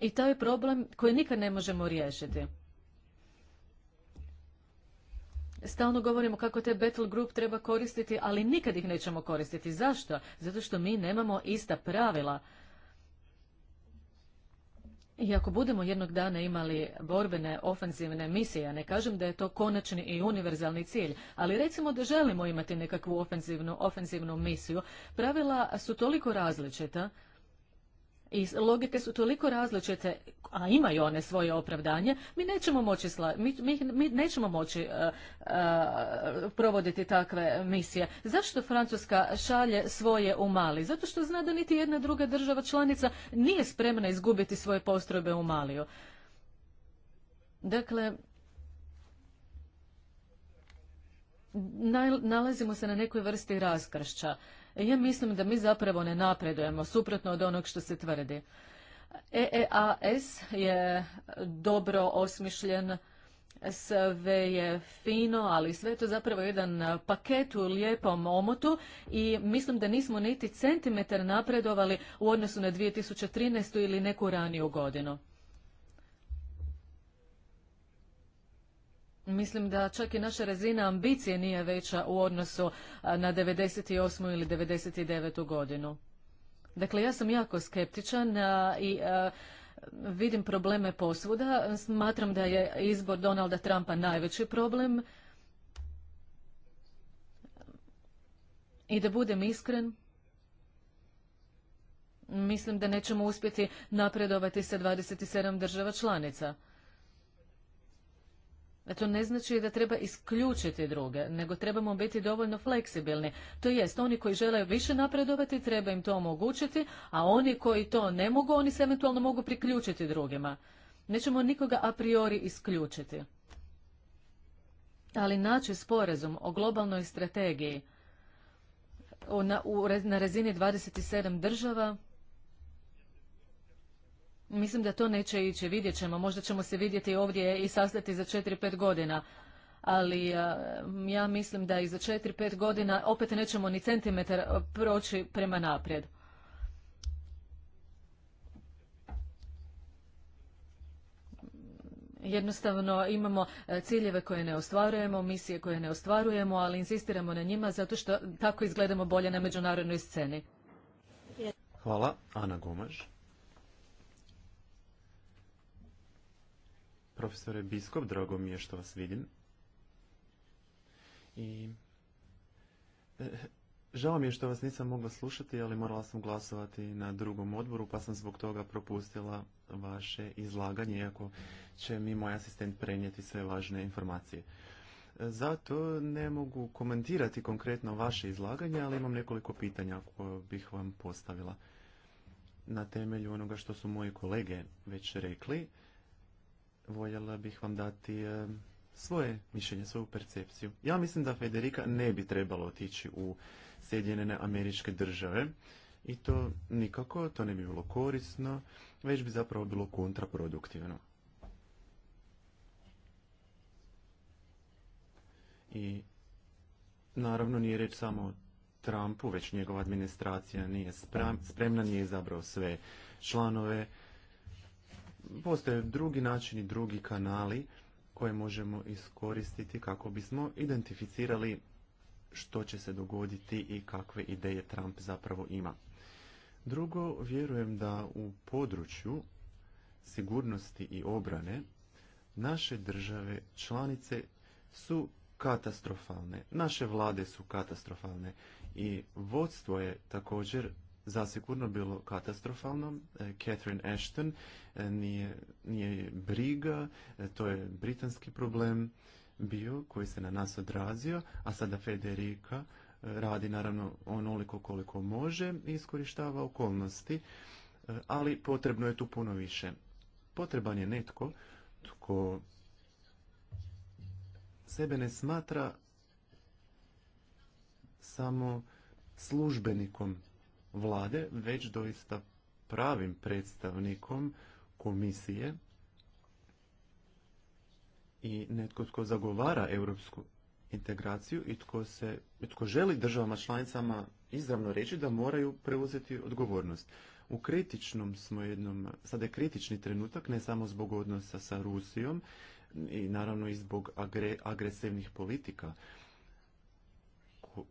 I to je problem koji nikad ne možemo riješiti. Stalno govorimo kako te battle group treba koristiti, ali nikad ih nećemo koristiti. Zašto? Zato što mi nemamo ista pravila i ako budemo jednog dana imali borbene ofenzivne misije, ne kažem da je to konačni i univerzalni cilj, ali recimo da želimo imati nekakvu ofenzivnu, ofenzivnu misiju, pravila su toliko različita i logike su toliko različite, a imaju one svoje opravdanje, mi nećemo moći, sla, mi, mi nećemo moći e, e, provoditi takve misije. Zašto Francuska šalje svoje u Mali? Zato što zna da niti jedna druga država članica nije spremna izgubiti svoje postrojbe u Maliju. Dakle, nalazimo se na nekoj vrsti raskršća. E, ja mislim da mi zapravo ne napredujemo, suprotno od onog što se tvrdi. EEAS je dobro osmišljen, sve je fino, ali sve je to zapravo jedan paket u lijepom omotu i mislim da nismo niti centimetar napredovali u odnosu na 2013. ili neku raniju godinu. Mislim da čak i naša razina ambicije nije veća u odnosu na 98. ili 99. godinu. Dakle, ja sam jako skeptičan i vidim probleme posvuda. Smatram da je izbor Donalda Trumpa najveći problem. I da budem iskren, mislim da nećemo uspjeti napredovati sa 27 država članica. E, to ne znači da treba isključiti druge, nego trebamo biti dovoljno fleksibilni. To jest, oni koji žele više napredovati, treba im to omogućiti, a oni koji to ne mogu, oni se eventualno mogu priključiti drugima. Nećemo nikoga a priori isključiti. Ali naći sporazum o globalnoj strategiji na, u, razini 27 država, Mislim da to neće ići, vidjet ćemo. Možda ćemo se vidjeti ovdje i sastati za 4-5 godina. Ali eh, ja mislim da i za 4-5 godina opet nećemo ni centimetar eh, proći prema naprijed. Jednostavno imamo eh, ciljeve koje ne ostvarujemo, misije koje ne ostvarujemo, ali insistiramo na njima zato što tako izgledamo bolje na međunarodnoj sceni. Hvala. Ana Gomaž. Profesore Biskop, drago mi je što vas vidim. I... E, žao mi je što vas nisam mogla slušati, ali morala sam glasovati na drugom odboru, pa sam zbog toga propustila vaše izlaganje, iako će mi moj asistent prenijeti sve važne informacije. E, zato ne mogu komentirati konkretno vaše izlaganje, ali imam nekoliko pitanja koje bih vam postavila. Na temelju onoga što su moji kolege već rekli, voljela bih vam dati e, svoje mišljenje, svoju percepciju. Ja mislim da Federica ne bi trebalo otići u Sjedinjene američke države i to nikako, to ne bi bilo korisno, već bi zapravo bilo kontraproduktivno. I naravno nije reč samo o Trumpu, već njegova administracija nije spremna, nije izabrao sve članove postoje drugi načini, drugi kanali koje možemo iskoristiti kako bismo identificirali što će se dogoditi i kakve ideje Trump zapravo ima. Drugo, vjerujem da u području sigurnosti i obrane naše države članice su katastrofalne, naše vlade su katastrofalne i vodstvo je također zasigurno bilo katastrofalno. E, Catherine Ashton e, nije, nije briga, e, to je britanski problem bio koji se na nas odrazio, a sada Federica radi naravno onoliko koliko može i iskorištava okolnosti, ali potrebno je tu puno više. Potreban je netko tko sebe ne smatra samo službenikom vlade, već doista pravim predstavnikom komisije i netko tko zagovara europsku integraciju i tko, se, tko želi državama članicama izravno reći da moraju preuzeti odgovornost. U kritičnom smo jednom, sada je kritični trenutak, ne samo zbog odnosa sa Rusijom i naravno i zbog agresivnih politika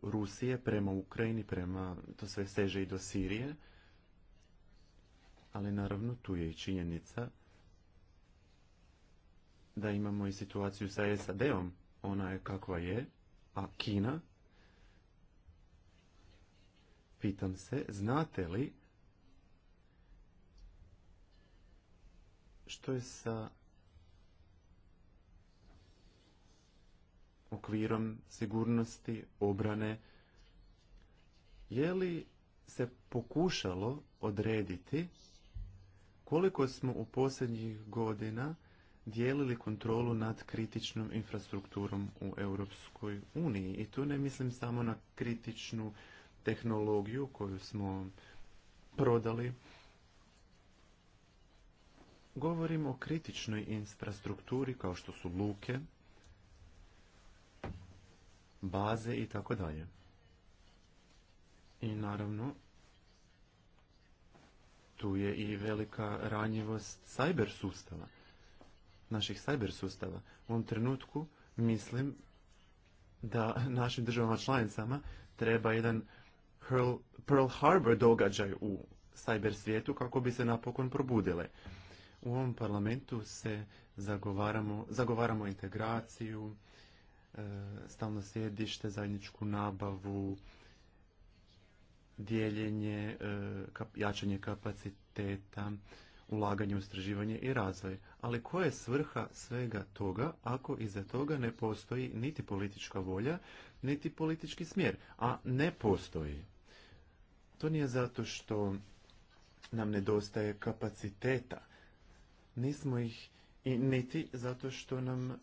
Rusije prema Ukrajini, prema, to sve seže i do Sirije, ali naravno tu je i činjenica da imamo i situaciju sa SAD-om, ona je kakva je, a Kina, pitam se, znate li što je sa okvirom sigurnosti, obrane. Je li se pokušalo odrediti koliko smo u posljednjih godina dijelili kontrolu nad kritičnom infrastrukturom u Europskoj uniji. I tu ne mislim samo na kritičnu tehnologiju koju smo prodali. Govorim o kritičnoj infrastrukturi kao što su luke, baze i tako dalje. I naravno, tu je i velika ranjivost cyber sustava, naših cyber sustava. U ovom trenutku mislim da našim državama članicama treba jedan Pearl Harbor događaj u cyber svijetu kako bi se napokon probudile. U ovom parlamentu se zagovaramo integraciju, E, stalno sjedište, zajedničku nabavu, dijeljenje, e, jačanje kapaciteta, ulaganje u istraživanje i razvoj. Ali koja je svrha svega toga ako iza toga ne postoji niti politička volja, niti politički smjer, a ne postoji. To nije zato što nam nedostaje kapaciteta. Nismo ih i niti zato što nam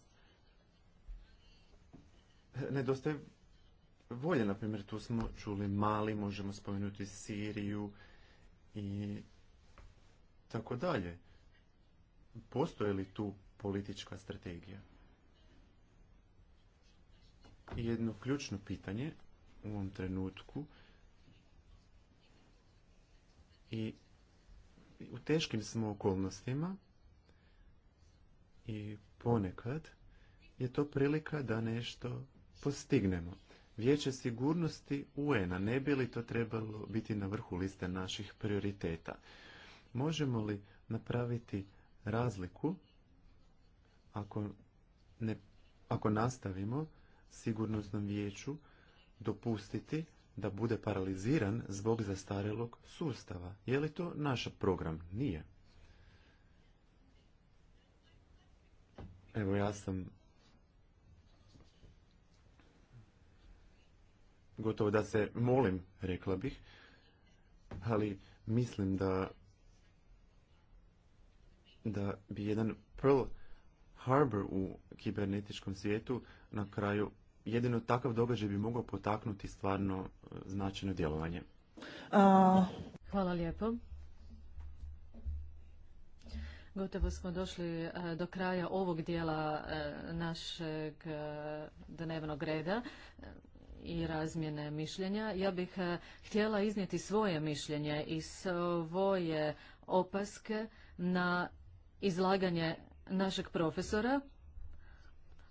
nedostaje volje. Na primjer, tu smo čuli Mali, možemo spomenuti Siriju i tako dalje. Postoje li tu politička strategija? Jedno ključno pitanje u ovom trenutku i u teškim smo okolnostima i ponekad je to prilika da nešto postignemo. Vijeće sigurnosti un ne bi li to trebalo biti na vrhu liste naših prioriteta? Možemo li napraviti razliku ako, ne, ako nastavimo sigurnosnom vijeću dopustiti da bude paraliziran zbog zastarelog sustava. Je li to naš program? Nije. Evo ja sam gotovo da se molim, rekla bih, ali mislim da da bi jedan Pearl Harbor u kibernetičkom svijetu na kraju jedino takav događaj bi mogao potaknuti stvarno e, značajno djelovanje. A... Hvala lijepo. Gotovo smo došli e, do kraja ovog dijela e, našeg dnevnog reda i razmjene mišljenja. Ja bih eh, htjela iznijeti svoje mišljenje i svoje opaske na izlaganje našeg profesora,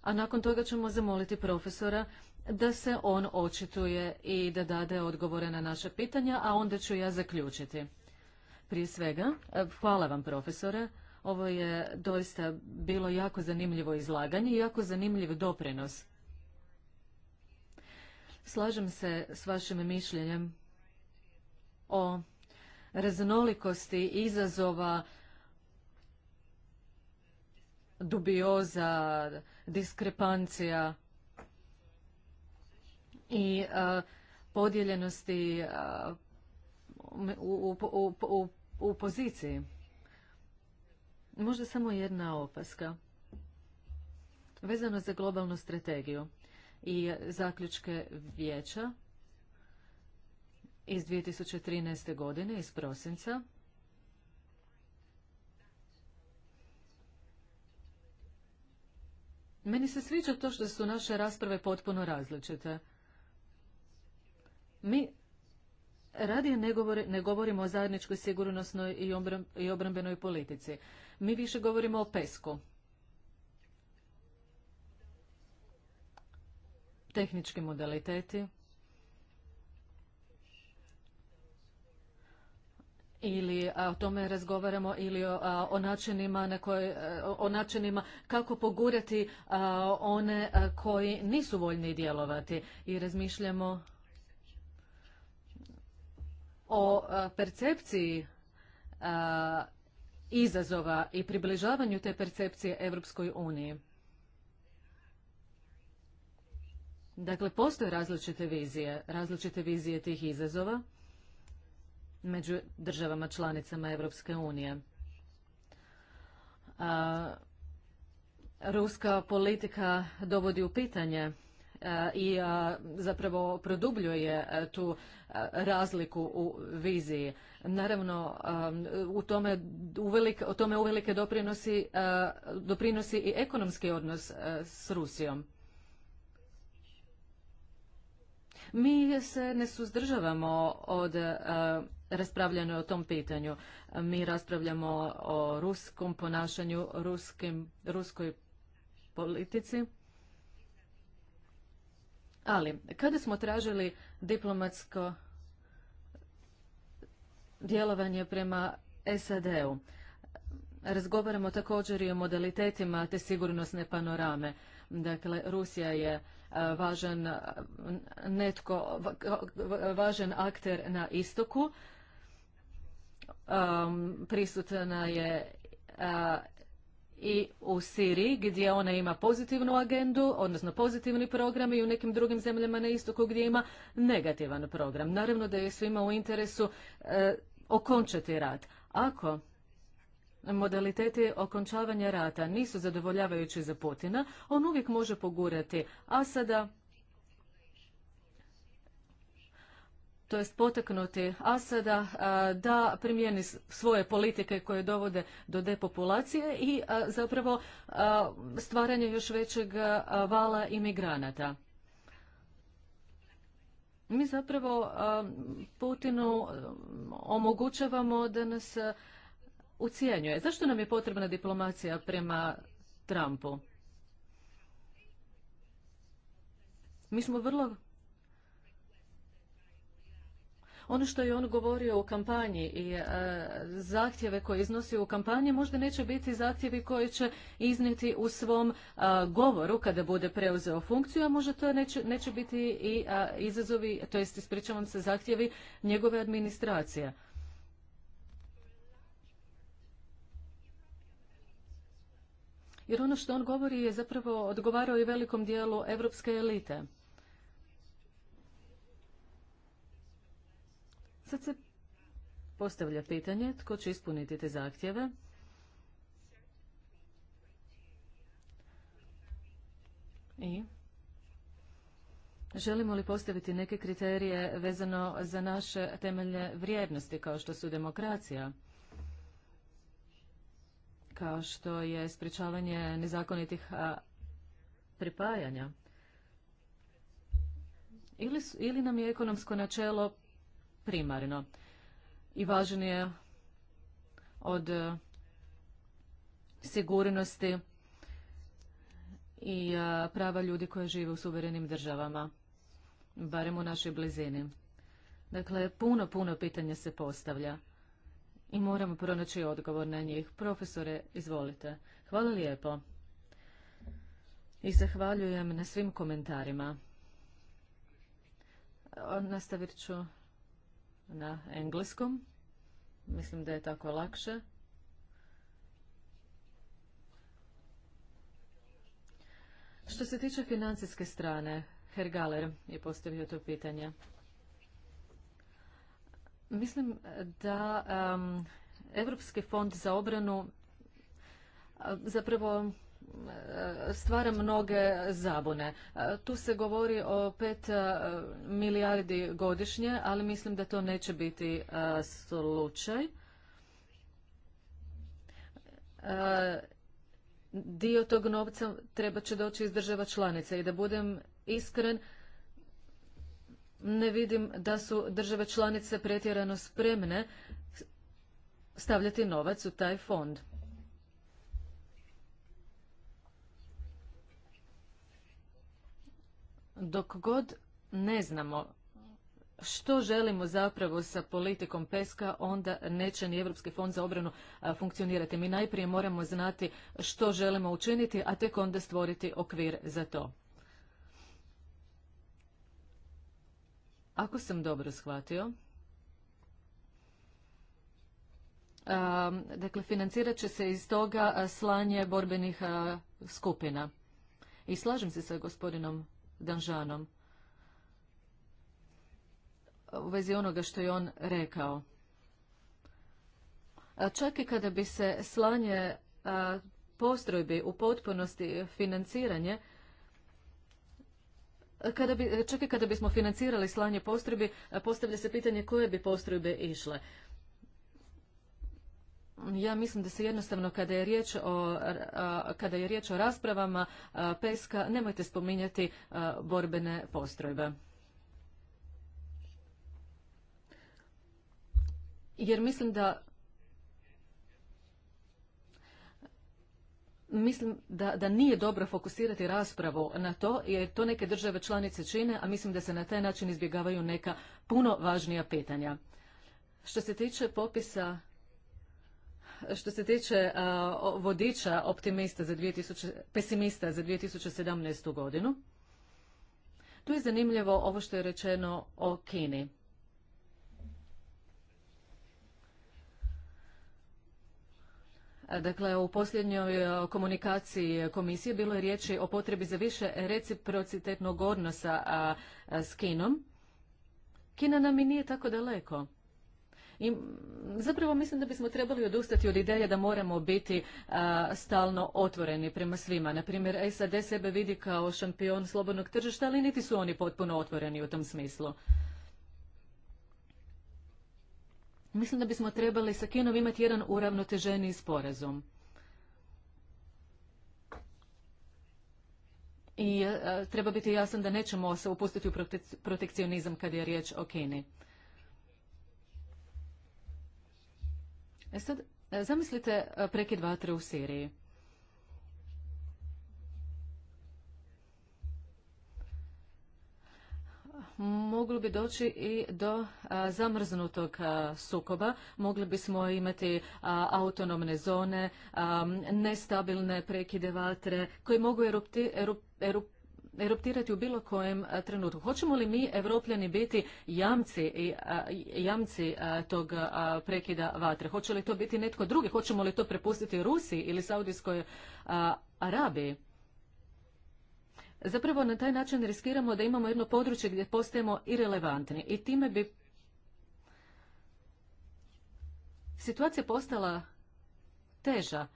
a nakon toga ćemo zamoliti profesora da se on očituje i da dade odgovore na naše pitanja, a onda ću ja zaključiti. Prije svega, eh, hvala vam profesore. Ovo je doista bilo jako zanimljivo izlaganje i jako zanimljiv doprinos. Slažem se s vašim mišljenjem o raznolikosti izazova dubioza, diskrepancija i e, podijeljenosti e, u, poziciji. Možda samo jedna opaska. Vezano za globalnu strategiju i zaključke vijeća iz 2013. godine, iz prosinca. Meni se sviđa to što su naše rasprave potpuno različite. Mi radije ne, ne govorimo o zajedničkoj sigurnosnoj i obrambenoj politici. Mi više govorimo o pesku. tehnički modaliteti ili o tome razgovaramo ili o, načinima na e, o načinima kako pogurati one koji nisu voljni djelovati i razmišljamo o percepciji izazova i približavanju te percepcije Europskoj uniji. Dakle, postoje različite vizije, različite vizije tih izazova među državama članicama Europske unije. A, ruska politika dovodi u pitanje i zapravo produbljuje tu razliku u viziji. Naravno, u tome uvelike, o tome uvelike doprinosi, doprinosi i ekonomski odnos s Rusijom. Mi se ne suzdržavamo od e, raspravljanja o tom pitanju. Mi raspravljamo o ruskom ponašanju, ruskoj politici. Ali, kada smo tražili diplomatsko djelovanje prema SAD-u, razgovaramo također i o modalitetima te sigurnosne panorame. Dakle, Rusija je važan netko, važan akter na istoku. Um, prisutna je i u Siriji gdje ona ima pozitivnu agendu, odnosno pozitivni program i u nekim drugim zemljama na istoku gdje ima negativan program. Naravno da je svima u interesu e, okončati rat. Ako modaliteti okončavanja rata nisu zadovoljavajući za Putina, on uvijek može pogurati Asada, to jest potaknuti Asada da primijeni svoje politike koje dovode do depopulacije i zapravo stvaranje još većeg vala imigranata. Mi zapravo Putinu omogućavamo da nas ucijenjuje. Zašto nam je potrebna diplomacija prema Trumpu? Mi smo vrlo... Ono što je on govorio u kampanji i e, zahtjeve koje iznosi u kampanji možda neće biti zahtjevi koji će izniti u svom e, govoru kada bude preuzeo funkciju, a možda to neće, neće biti i e, izazovi, to jest ispričavam se, zahtjevi njegove administracije. Jer ono što on govori je zapravo odgovarao i velikom dijelu evropske elite. Sad se postavlja pitanje tko će ispuniti te zahtjeve. I Želimo li postaviti neke kriterije vezano za naše temeljne vrijednosti kao što su demokracija, kao što je sprječavanje nezakonitih pripajanja. Ili, ili nam je ekonomsko načelo primarno i važnije od e, sigurnosti i e, prava ljudi koji žive u suverenim državama, barem u našoj blizini. Dakle, puno, puno pitanja se postavlja i moramo pronaći odgovor na njih. Profesore, izvolite. Hvala lijepo. I zahvaljujem na svim komentarima. Nastavit ću na engleskom. Mislim da je tako lakše. Što se tiče financijske strane, Hergaler je postavio to pitanje. Mislim da Europski fond za obranu zapravo stvara mnoge zabune. E, tu se govori o pet e, milijardi godišnje, ali mislim da to neće biti e, slučaj. Dio tog novca treba će doći iz država članica i da budem iskren, ne vidim da su države članice pretjerano spremne stavljati novac u taj fond. Dok god ne znamo što želimo zapravo sa politikom peska, onda neće ni Europski fond za obranu funkcionirati. Mi najprije moramo znati što želimo učiniti, a tek onda stvoriti okvir za to. Ako sam dobro shvatio, um, dakle, financirat će se iz toga slanje borbenih skupina. I slažem se sa gospodinom Danžanom u vezi onoga što je on rekao. čak i kada bi se slanje postrojbi u potpunosti financiranje kada čak i kada bismo financirali slanje postrojbi, postavlja se pitanje koje bi postrojbe išle. Ja mislim da se jednostavno kada je riječ o, kada je riječ o raspravama peska nemojte spominjati borbene postrojbe. Jer mislim da Mislim da, da nije dobro fokusirati raspravu na to, jer to neke države članice čine, a mislim da se na taj način izbjegavaju neka puno važnija pitanja. Što se tiče popisa što se tiče vodiča optimista za 2000, pesimista za 2017. godinu, tu je zanimljivo ovo što je rečeno o Kini. Dakle, u posljednjoj e, komunikaciji komisije bilo je riječi o potrebi za više reciprocitetnog odnosa s Kinom. Kina nam i nije tako daleko. I zapravo mislim da bismo trebali odustati od ideje da moramo biti stalno otvoreni prema svima. Naprimjer, SAD sebe vidi kao šampion slobodnog tržišta, ali niti su oni potpuno otvoreni u tom smislu. Mislim da bismo trebali sa Kinom imati jedan uravnoteženiji sporazum. I e, treba biti jasan da nećemo se upustiti u protekcionizam kad je riječ o Kini. E sad, e, zamislite e, prekid vatre u Siriji. moglo bi doći i do zamrznutog sukoba. Mogli bismo imati autonomne zone, nestabilne prekide vatre koje mogu eruptirati u bilo kojem trenutku. Hoćemo li mi, evropljani, biti jamci, jamci tog prekida vatre? Hoće li to biti netko drugi? Hoćemo li to prepustiti Rusiji ili Saudijskoj Arabiji? Zapravo na taj način riskiramo da imamo jedno područje gdje postajemo irelevantni i time bi situacija postala teža.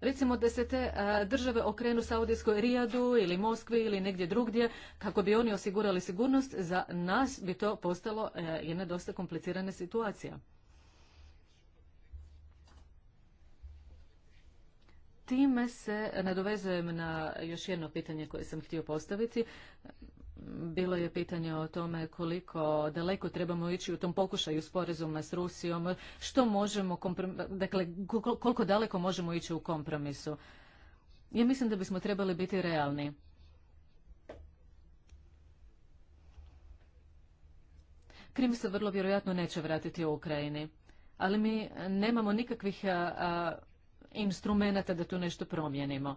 Recimo da se te države okrenu Saudijskoj Rijadu ili Moskvi ili negdje drugdje kako bi oni osigurali sigurnost, za nas bi to postalo jedna dosta komplicirana situacija. Time se nadovezujem na još jedno pitanje koje sam htio postaviti. Bilo je pitanje o tome koliko daleko trebamo ići u tom pokušaju sporazuma s Rusijom, što možemo, dakle koliko daleko možemo ići u kompromisu. Ja mislim da bismo trebali biti realni. Krim se vrlo vjerojatno neće vratiti u Ukrajini, ali mi nemamo nikakvih a, instrumenata da tu nešto promijenimo.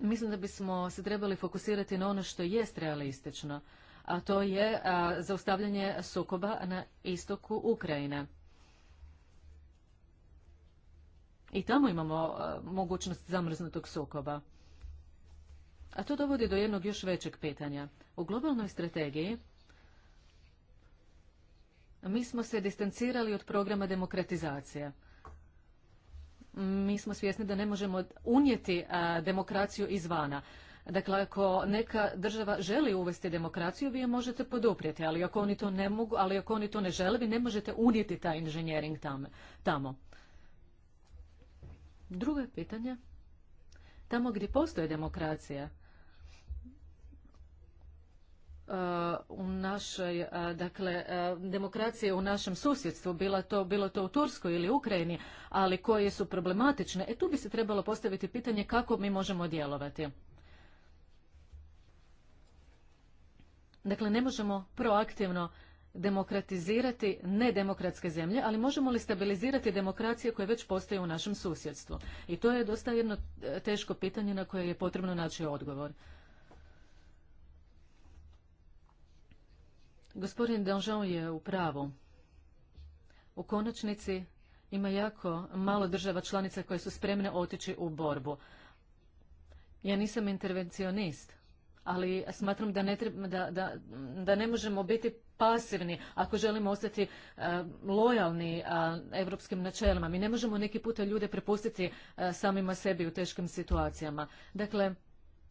Mislim da bismo se trebali fokusirati na ono što jest realistično, a to je zaustavljanje sukoba na istoku Ukrajine. I tamo imamo mogućnost zamrznutog sukoba. A to dovodi do jednog još većeg pitanja. U globalnoj strategiji mi smo se distancirali od programa demokratizacije mi smo svjesni da ne možemo unijeti demokraciju izvana. Dakle, ako neka država želi uvesti demokraciju, vi je možete poduprijeti, ali ako oni to ne mogu, ali ako oni to ne žele, vi ne možete unijeti taj inženjering tamo. Drugo pitanje. Tamo gdje postoje demokracija, u našoj, dakle, demokracije u našem susjedstvu, bila to, bilo to u Turskoj ili Ukrajini, ali koje su problematične, e tu bi se trebalo postaviti pitanje kako mi možemo djelovati. Dakle, ne možemo proaktivno demokratizirati nedemokratske zemlje, ali možemo li stabilizirati demokracije koje već postoje u našem susjedstvu? I to je dosta jedno e, teško pitanje na koje je potrebno naći odgovor. Gospodin Danžao je u pravu. U konačnici ima jako malo država članica koje su spremne otići u borbu. Ja nisam intervencionist, ali smatram da ne, treba, da, da, da ne možemo biti pasivni ako želimo ostati e, lojalni a, e, evropskim načelima. Mi ne možemo neki puta ljude prepustiti e, samima sebi u teškim situacijama. Dakle,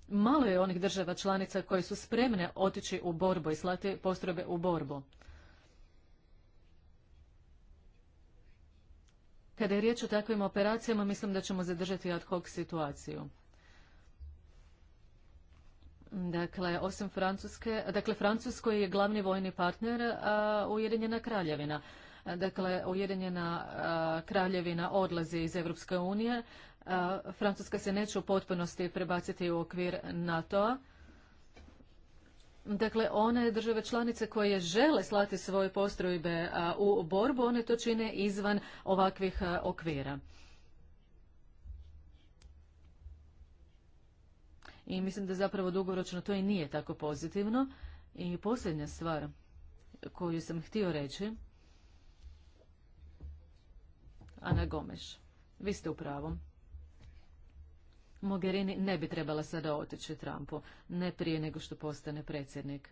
Malo je onih država članica koje su spremne otići u borbu i slati postrojbe u borbu. Kada je riječ o takvim operacijama, mislim da ćemo zadržati ad hoc situaciju. Dakle, osim Francuske, dakle, Francusko je glavni vojni partner Ujedinjena kraljevina. Dakle, Ujedinjena kraljevina odlazi iz Europske unije, Francuska se neće u potpunosti prebaciti u okvir NATO-a. Dakle, one države članice koje žele slati svoje postrojbe u borbu, one to čine izvan ovakvih okvira. I mislim da zapravo dugoročno to i nije tako pozitivno. I posljednja stvar koju sam htio reći, Ana Gomeš, vi ste u pravom. Mogherini ne bi trebala sada otići Trumpu, ne prije nego što postane predsjednik.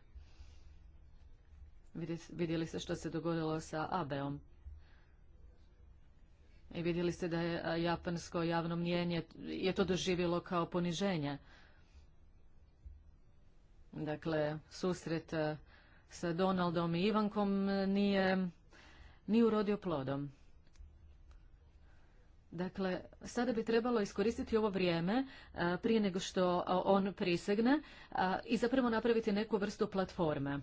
Vidjeli ste što se dogodilo sa Abeom. I vidjeli ste da je japansko javno mnjenje je to doživjelo kao poniženje. Dakle, susret sa Donaldom i Ivankom nije, ni urodio plodom. Dakle, sada bi trebalo iskoristiti ovo vrijeme e, prije nego što e, on prisegne e, i zapravo napraviti neku vrstu platforme.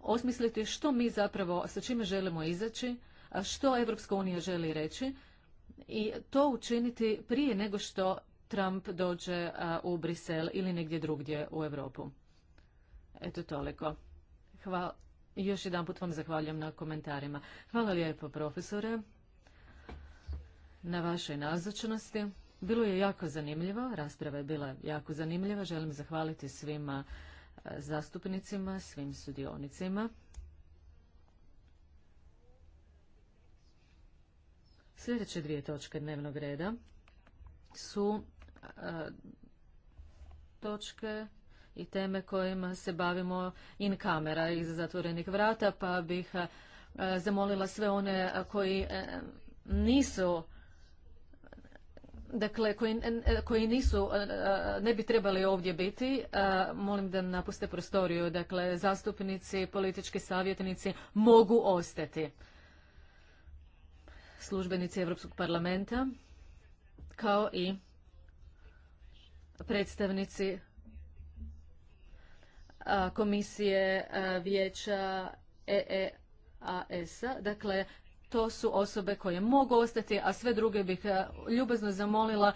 Osmisliti što mi zapravo, sa čime želimo izaći, što Evropska unija želi reći i to učiniti prije nego što Trump dođe u Brisel ili negdje drugdje u Europu. Eto toliko. Hvala. Još jedan put vam zahvaljujem na komentarima. Hvala lijepo, profesore na vašoj nazočnosti. Bilo je jako zanimljivo, rasprava je bila jako zanimljiva. Želim zahvaliti svima e, zastupnicima, svim sudionicima. Sljedeće dvije točke dnevnog reda su e, točke i teme kojima se bavimo in kamera iz zatvorenih vrata, pa bih e, zamolila sve one koji nisu dakle koji, koji nisu ne bi trebali ovdje biti molim da napuste prostoriju dakle zastupnici politički savjetnici mogu ostati službenici europskog parlamenta kao i predstavnici komisije vijeća EEAS-a dakle to su osobe koje mogu ostati, a sve druge bih eh, ljubazno zamolila